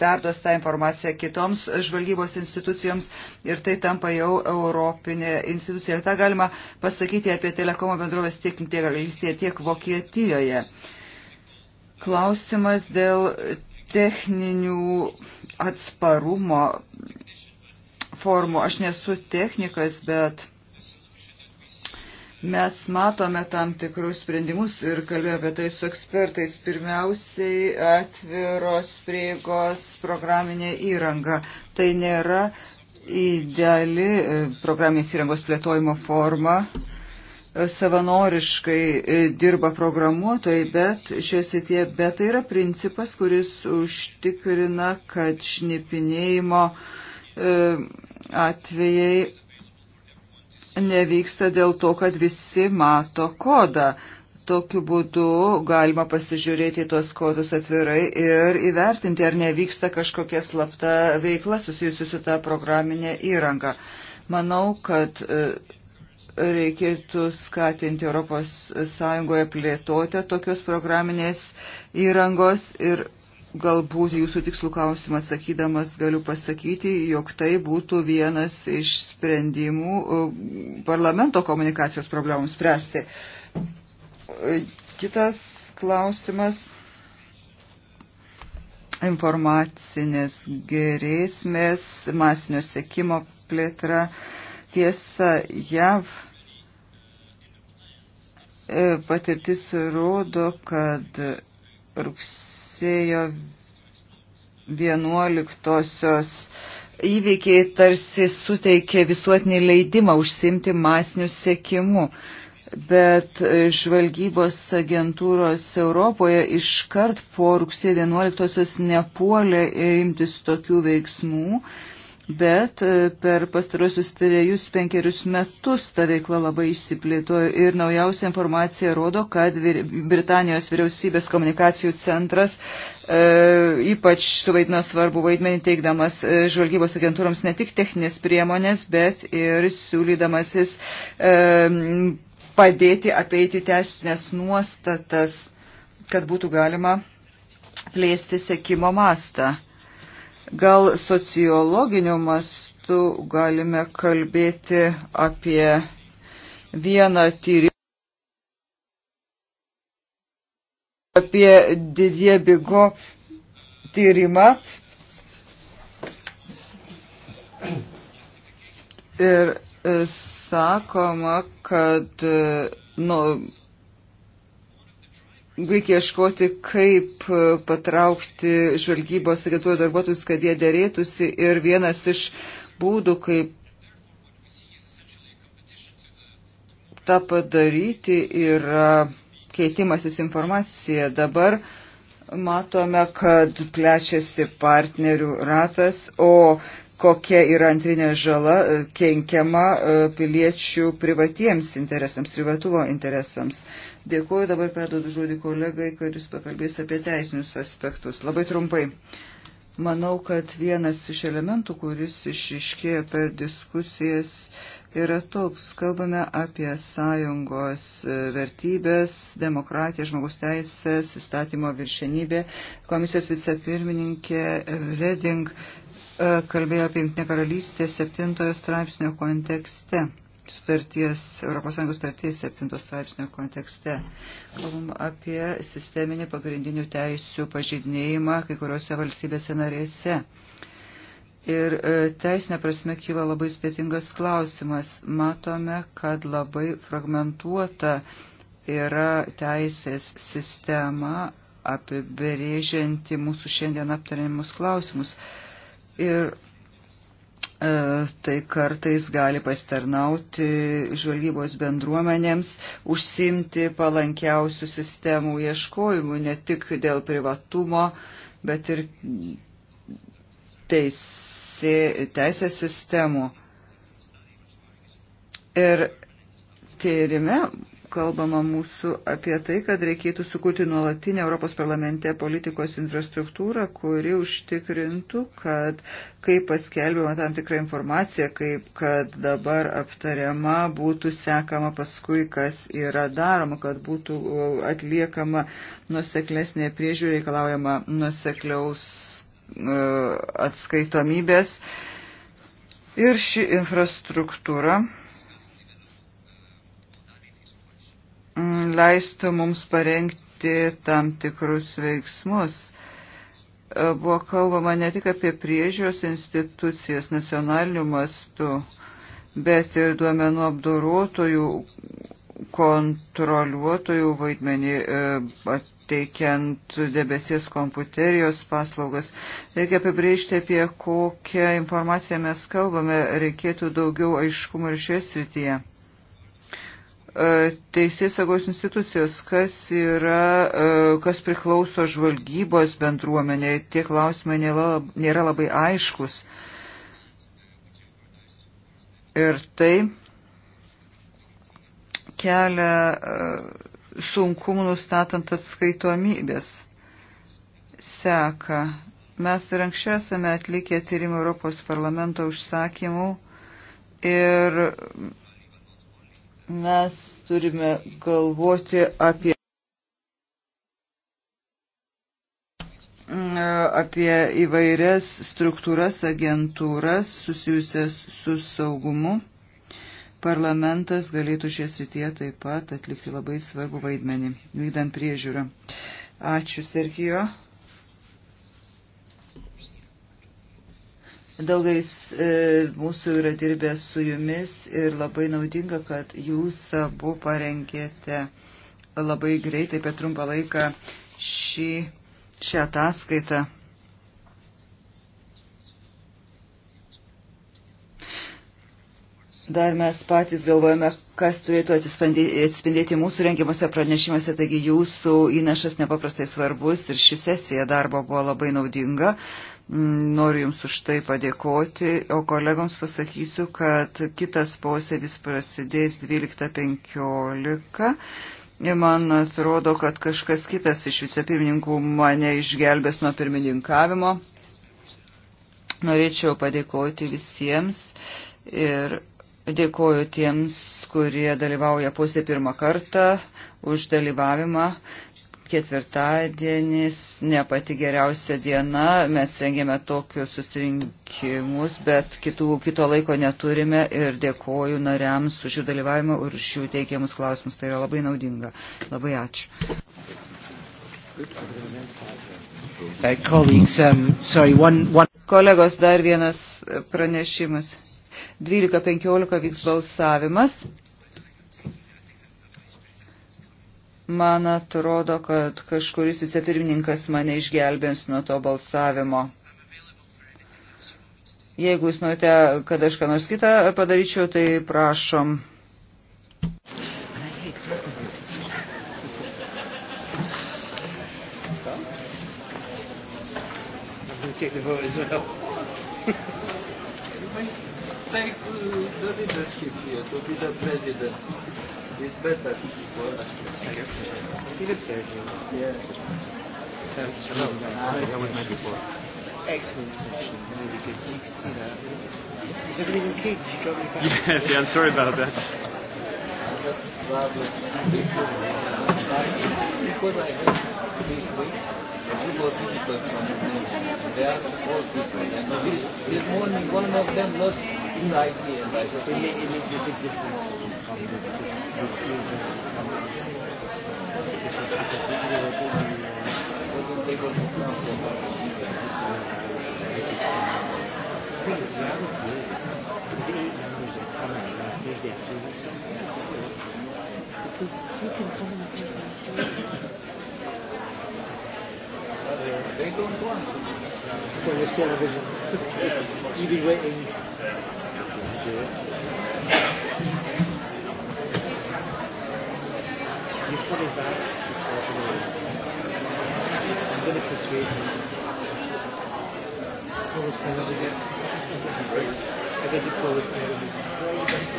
perduos tą informaciją kitoms žvalgybos institucijoms ir tai tampa jau Europinė institucija. Ta galima pasakyti apie telekomo bendrovės tiek, tiek, tiek Vokietijoje. Tiek Klausimas dėl techninių atsparumo formų. Aš nesu technikas, bet mes matome tam tikrus sprendimus ir kalbėjome apie tai su ekspertais. Pirmiausiai atviros prieigos programinė įranga. Tai nėra ideali e, programinės įrangos plėtojimo forma savanoriškai e, dirba programuotojai, bet šioje srityje, bet tai yra principas, kuris užtikrina, kad šnipinėjimo e, atvejai nevyksta dėl to, kad visi mato kodą. Tokiu būdu galima pasižiūrėti tuos kodus atvirai ir įvertinti, ar nevyksta kažkokia slapta veikla susijusi su ta programinė įranga. Manau, kad e, reikėtų skatinti ES plėtotę tokios programinės įrangos ir galbūt jūsų tikslų klausimą atsakydamas galiu pasakyti, jog tai būtų vienas iš sprendimų uh, parlamento komunikacijos problemams spręsti. Kitas klausimas - informacinės grėsmės, masinio sekimo plėtra. Uh, Tiesa, JAV e, patirtis rodo, kad rugsėjo 11-osios įvykiai tarsi suteikė visuotinį leidimą užsimti masiniu sėkimu. Bet žvalgybos agentūros Europoje iškart po rugsėjo 11-osios nepuolė imtis tokių veiksmų, bet e, per pastarosius trejus penkerius metus ta veikla labai išsiplėtojo ir naujausia informacija rodo, kad vir, Britanijos vyriausybės komunikacijų centras e, ypač suvaidino svarbu vaidmenį teikdamas e, žvalgybos agentūrams ne tik techninės priemonės, bet ir siūlydamasis e, padėti apeiti teisinės nuostatas, kad būtų galima plėsti sekimo mastą. E, Gal sociologiniu mastu galime kalbėti apie vieną tyrimą. apie Didie Bigo tyrimą. Ir e, sakoma, kad e, nu, reikia ieškoti, kaip e, patraukti žvalgybos agentūrų darbuotojus, kad jie dėrėtųsi. Ir vienas iš būdų, kaip tą padaryti, yra keitimasis informacija. Dabar matome, kad plečiasi partnerių ratas, o kokia yra antrinė žala e, kenkiama e, piliečių privatiems interesams, privatumo interesams. Dėkuoju, dabar perdodu žodį kolegai, kad jūs pakalbės apie teisinius aspektus. Labai trumpai. Manau, kad vienas iš elementų, kuris išiškėjo per diskusijas, yra toks. Kalbame apie sąjungos e, vertybės, demokratiją, žmogus teisės, įstatymo viršenybę. Komisijos vicepirmininkė e, Reding e, kalbėjo apie Junktinę karalystę septintojo straipsnio kontekste sutarties, ES sutarties 7 straipsnio kontekste. Kalbam apie sisteminį pagrindinių teisių pažydinėjimą kai kuriuose valstybėse narėse. Ir e, teisinė prasme kyla labai sudėtingas klausimas. Matome, kad labai fragmentuota yra teisės sistema apibrėžianti mūsų šiandien aptariamus klausimus. Ir E, tai kartais gali pasitarnauti žvalgybos bendruomenėms užsimti palankiausių sistemų ieškojimų ne tik dėl privatumo, bet ir teisė, teisės sistemų. Ir tyrime kalbama mūsų apie tai, kad reikėtų sukurti nuolatinę Europos parlamente politikos infrastruktūrą, kuri užtikrintų, kad kai paskelbiama tam tikra informacija, kaip kad dabar aptariama, būtų sekama paskui, kas yra daroma, kad būtų atliekama nuseklesnė priežiūrė, reikalaujama nusekliaus e, atskaitomybės. Ir ši infrastruktūra leistų mums parengti tam tikrus veiksmus. E, Buvo kalbama ne tik apie priežiūros institucijas nacionaliniu mastu, bet ir duomenų apdorotojų, kontroliuotojų vaidmenį e, teikiant debesies kompiuterijos paslaugas. Reikia apibrėžti, apie kokią informaciją mes kalbame, reikėtų daugiau aiškumo ir šioje srityje. E, teisės saugos institucijos, kas yra, e, kas priklauso žvalgybos bendruomenė, tie klausimai nėra labai aiškus. Ir tai kelia e, sunkumų nustatant atskaitomybės seka. Mes ir anksčiau esame atlikę tyrimą Europos parlamento užsakymų ir Mes turime galvoti apie, mm, apie įvairias struktūras, agentūras susijusias su saugumu. Parlamentas galėtų šią srityje taip pat atlikti labai svarbu vaidmenį, vykdant priežiūrą. Ačiū, Sergijo. Daugelis e, mūsų yra dirbę su jumis ir labai naudinga, kad jūs abu parengėte labai greitai per trumpą laiką šį, šią ataskaitą. Dar mes patys galvojame, kas turėtų atspindėti mūsų rengiamuose pranešimuose, taigi jūsų įnašas nepaprastai svarbus ir ši sesija darbo buvo labai naudinga. E, Noriu Jums už tai padėkoti, o kolegoms pasakysiu, kad kitas posėdis prasidės 12.15. Man atrodo, kad kažkas kitas iš vicepirmininkų mane išgelbės nuo pirmininkavimo. Norėčiau padėkoti visiems ir dėkoju tiems, kurie dalyvauja posėdį pirmą kartą už dalyvavimą ketvirtadienis ne pati geriausia diena, mes rengėme tokius susirinkimus, bet kitų, kito laiko neturime ir dėkoju nariams už jų dalyvavimą ir už jų teikiamus klausimus. Tai yra labai naudinga. Labai ačiū. Uh, um, Kolegos, dar vienas pranešimas. 12.15 vyks balsavimas. Man atrodo, kad kažkuris vicepirmininkas mane išgelbės nuo to balsavimo. Jeigu jūs norite, kad aš ką nors kitą padaryčiau, tai prašom. Take the vote as well. Thank the leadership here to be the president. It's better for us. I guess so. Even Sergio. Yeah. That's true. Oh, nice. Ah, that was my before. Excellent session. Really good. You can see that. Is everything okay? Did you drop me back? Yes, yeah, I'm sorry about that. Because I had a big week. People are difficult from the moment. They are supposed to be. And this, this morning, one of them lost his ID, and I just. It, it makes a big difference from the because the experience that from the because because the either way they uh, wasn't able to pronounce it. This is a native thing is reality is the eight numbers are coming like there's their feelings. Because you can come and They don't want to do that. Con le scuole I rewaiting. You put it back. I'm going to persuade you. Forward family. I get the forward family.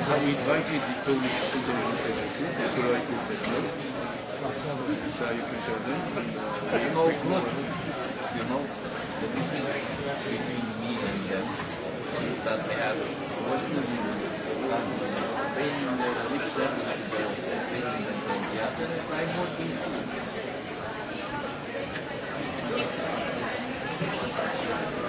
Now we invited the Polish students to the institute. They collaborated with us so you can join in and uh, we speak more. You know, the difference between me and them is that they have working and training their lip service and their facing and the other is like working food.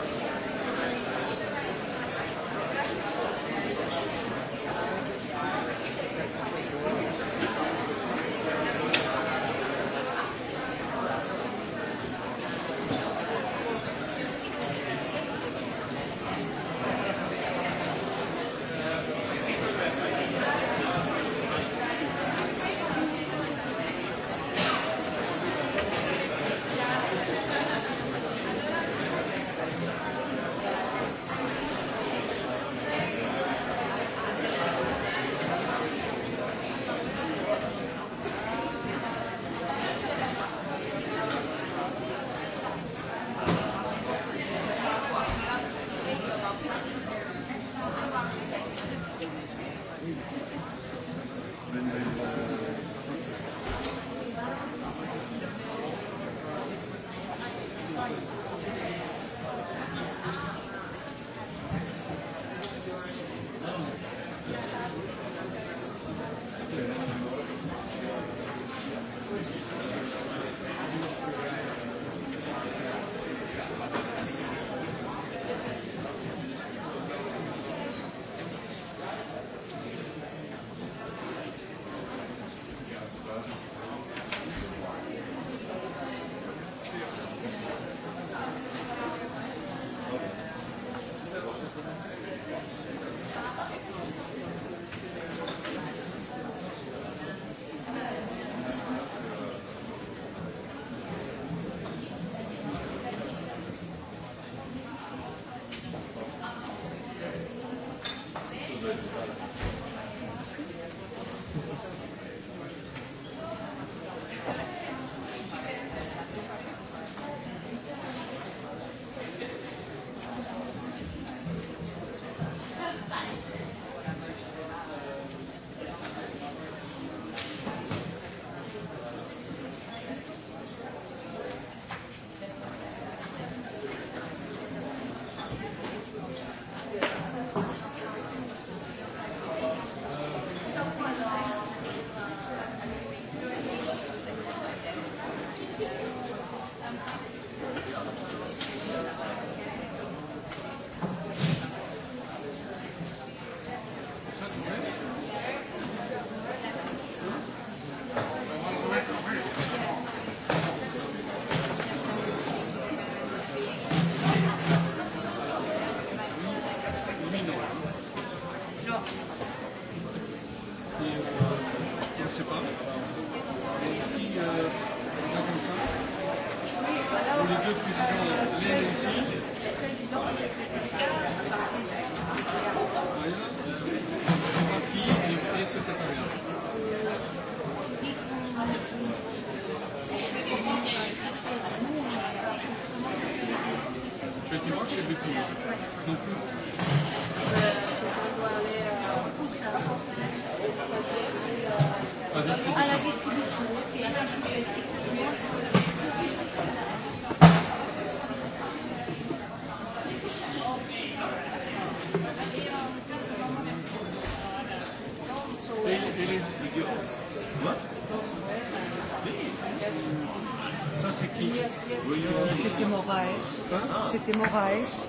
de Moraes.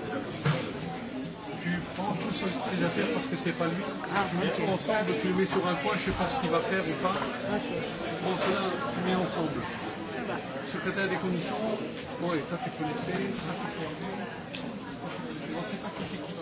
Tu prends tous ces affaires parce que c'est pas lui. Ah, okay. Tu prends ça, tu le mets sur un coin, je sais pas ce qu'il va faire ou pas. Okay. Tu prends cela, tu mets ensemble. Ah bah. Secrétaire des commissions, oui, ça tu connaissais, ça tu connaissais. On ne sait pas qui c'est qui.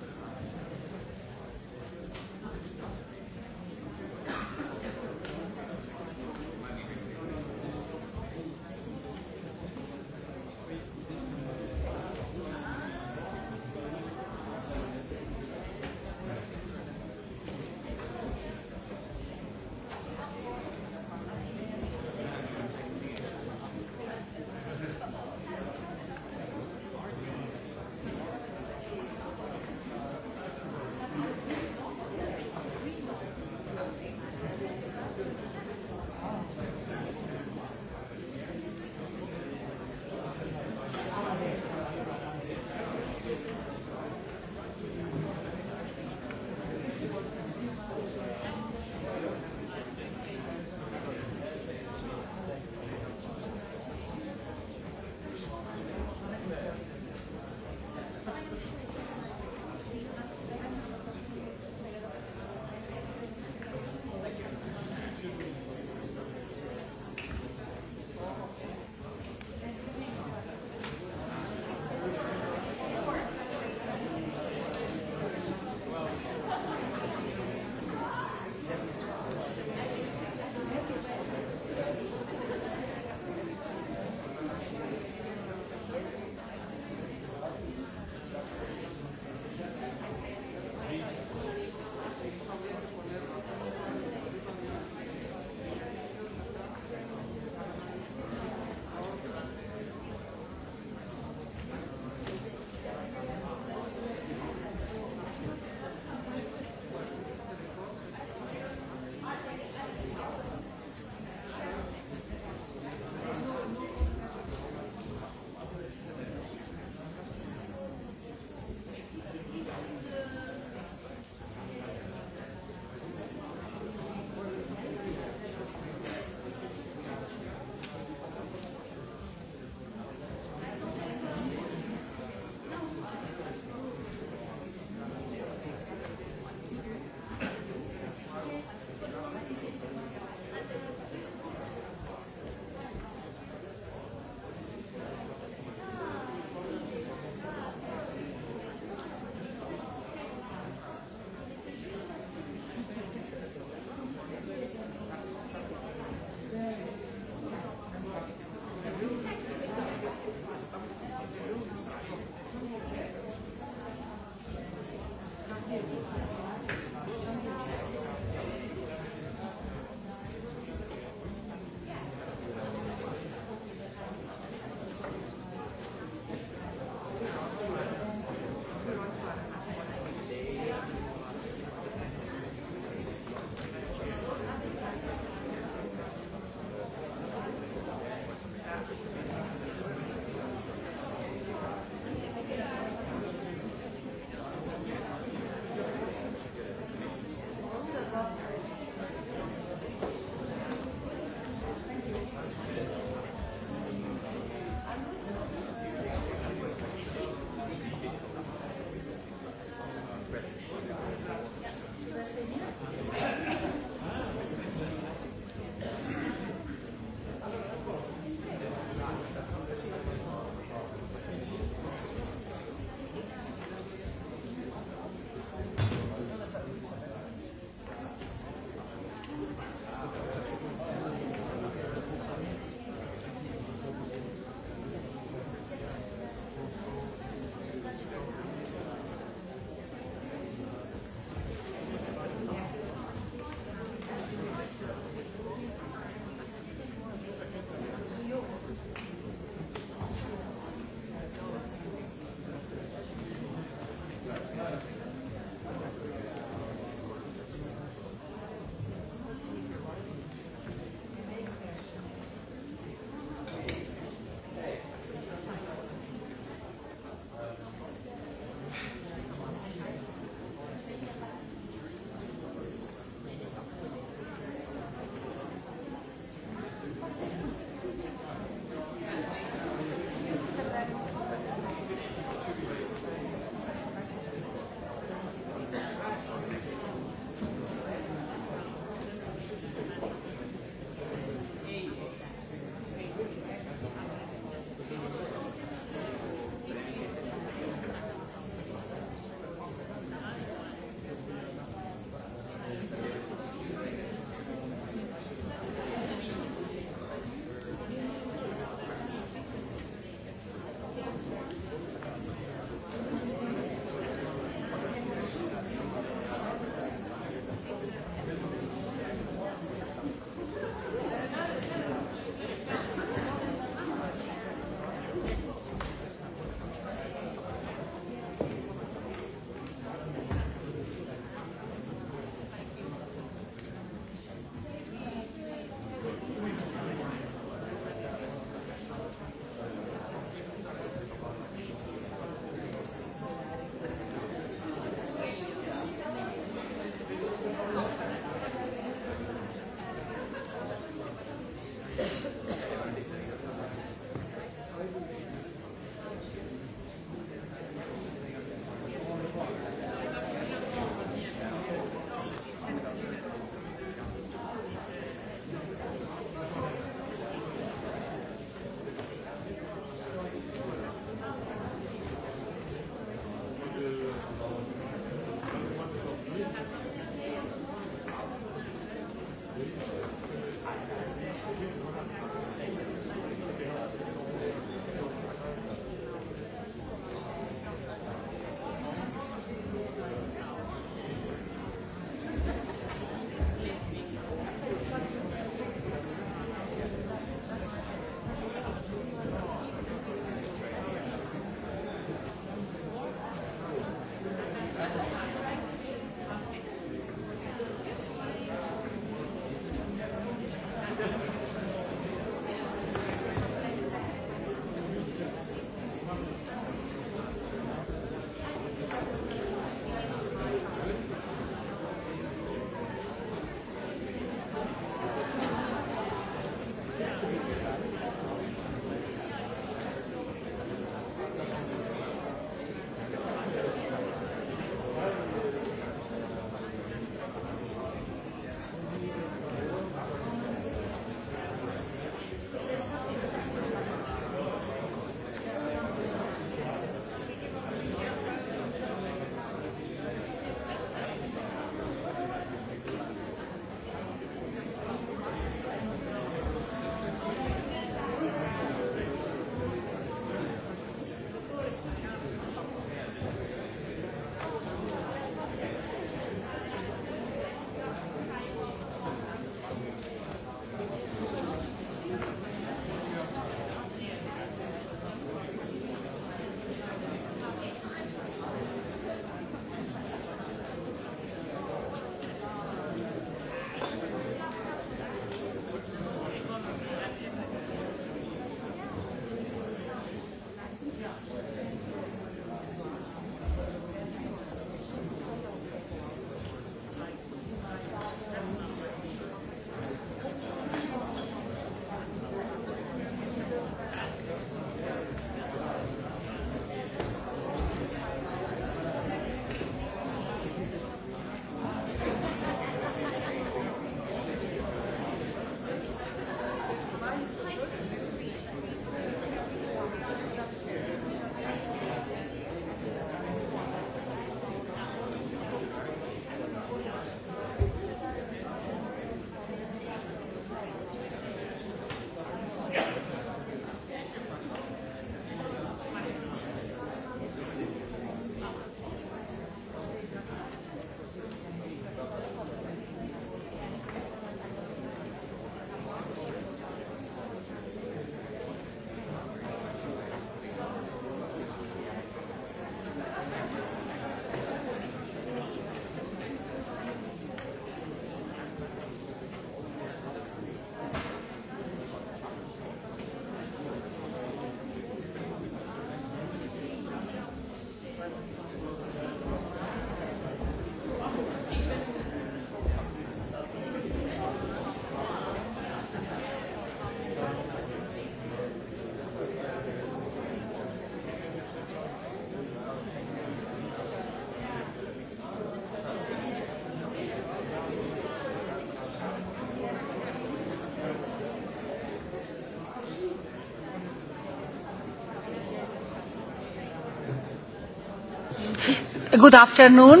Good afternoon.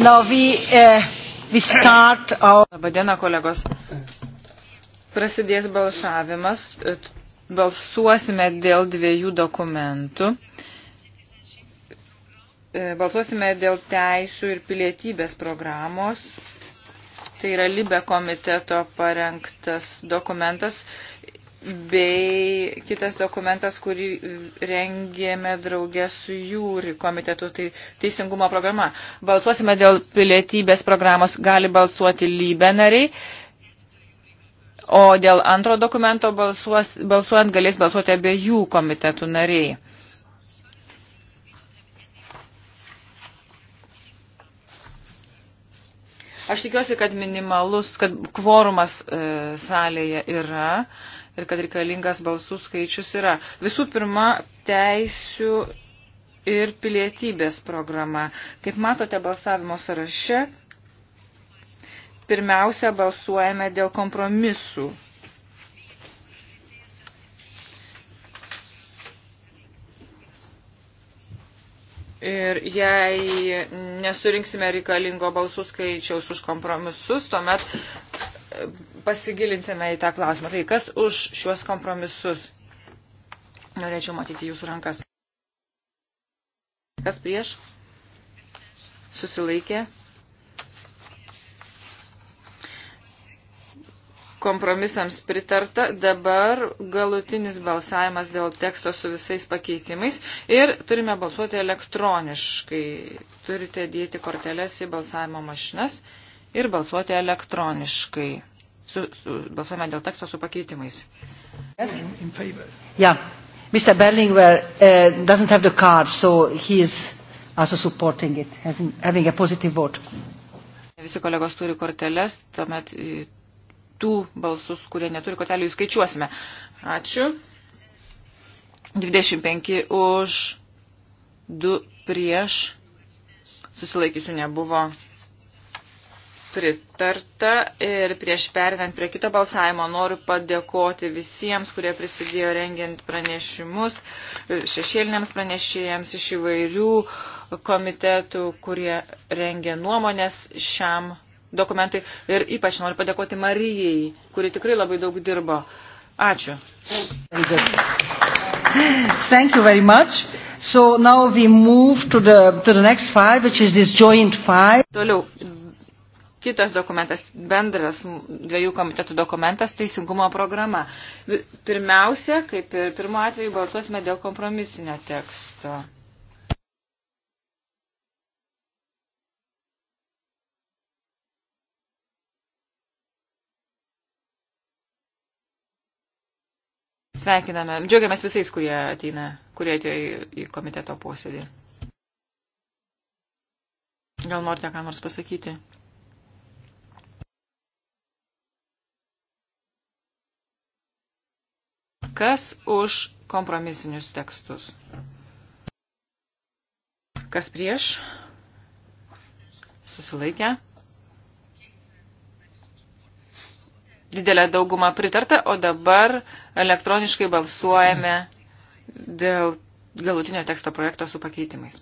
Now we, uh, we start our... Labadiena, kolegos. Prasidės balsavimas. Balsuosime dėl dviejų dokumentų. E, balsuosime dėl teisų ir pilietybės programos. Tai yra Libe komiteto parengtas dokumentas bei kitas dokumentas, kurį rengėme draugė su jūri komitetu, tai teisingumo programa. Balsuosime dėl pilietybės programos, gali balsuoti lybė nariai, o dėl antro dokumento balsuos, balsuojant galės balsuoti abiejų komitetų nariai. Aš tikiuosi, kad minimalus, kad kvorumas e, salėje yra. E, ir kad reikalingas balsų skaičius yra. Visų pirma, teisių ir pilietybės programa. Kaip matote balsavimo sąraše, pirmiausia balsuojame dėl kompromisų. Ir jei nesurinksime reikalingo balsų skaičiaus už kompromisus, tuomet pasigilinsime į tą klausimą. Tai kas už šiuos kompromisus? Norėčiau matyti jūsų rankas. Kas prieš? Susilaikė. Kompromisams pritarta. Dabar galutinis balsavimas dėl teksto su visais pakeitimais. Ir turime balsuoti elektroniškai. Turite dėti korteles į balsavimo mašinas ir balsuoti elektroniškai su, su, balsuojame dėl teksto su pakeitimais. Yes? Yeah. Mr. Berlinguer uh, doesn't have the card, so he is also supporting it, in, having a positive vote. Visi kolegos turi korteles, tuomet e, tų balsus, kurie neturi kortelių, įskaičiuosime. Ačiū. 25 už, 2 prieš, susilaikysiu nebuvo pritarta ir prieš perinant prie kito balsavimo noriu padėkoti visiems, kurie prisidėjo rengiant pranešimus, šešėliniams pranešėjams iš įvairių komitetų, kurie rengė nuomonės šiam dokumentui. Ir ypač noriu padėkoti Marijai, kuri tikrai labai daug dirbo. Ačiū. Thank you very much. So now we move to the, to the next file, which is this joint file. Toliau, kitas dokumentas, bendras dviejų komitetų dokumentas, teisingumo programa. Pirmiausia, kaip ir pirmo atveju, balsuosime dėl kompromisinio teksto. Sveikiname, džiaugiamės visais, kurie ateina, kurie atėjo į, į komiteto posėdį. Gal norite ką nors pasakyti? Kas už kompromisinius tekstus? Kas prieš? Susilaikę? Didelė dauguma pritarta, o dabar elektroniškai balsuojame dėl galutinio teksto projekto su pakeitimais.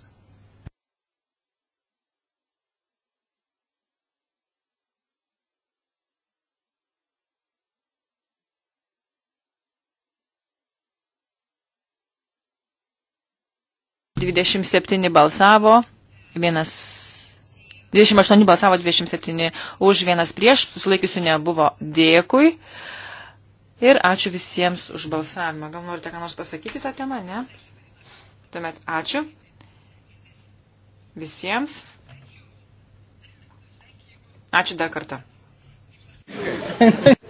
27 balsavo, vienas 28 balsavo 27 už vienas prieš, susilaikiusių nebuvo dėkui. Ir ačiū visiems už balsavimą. Gal norite ką nors pasakyti tą temą, ne? Tuomet ačiū visiems. Ačiū dar kartą.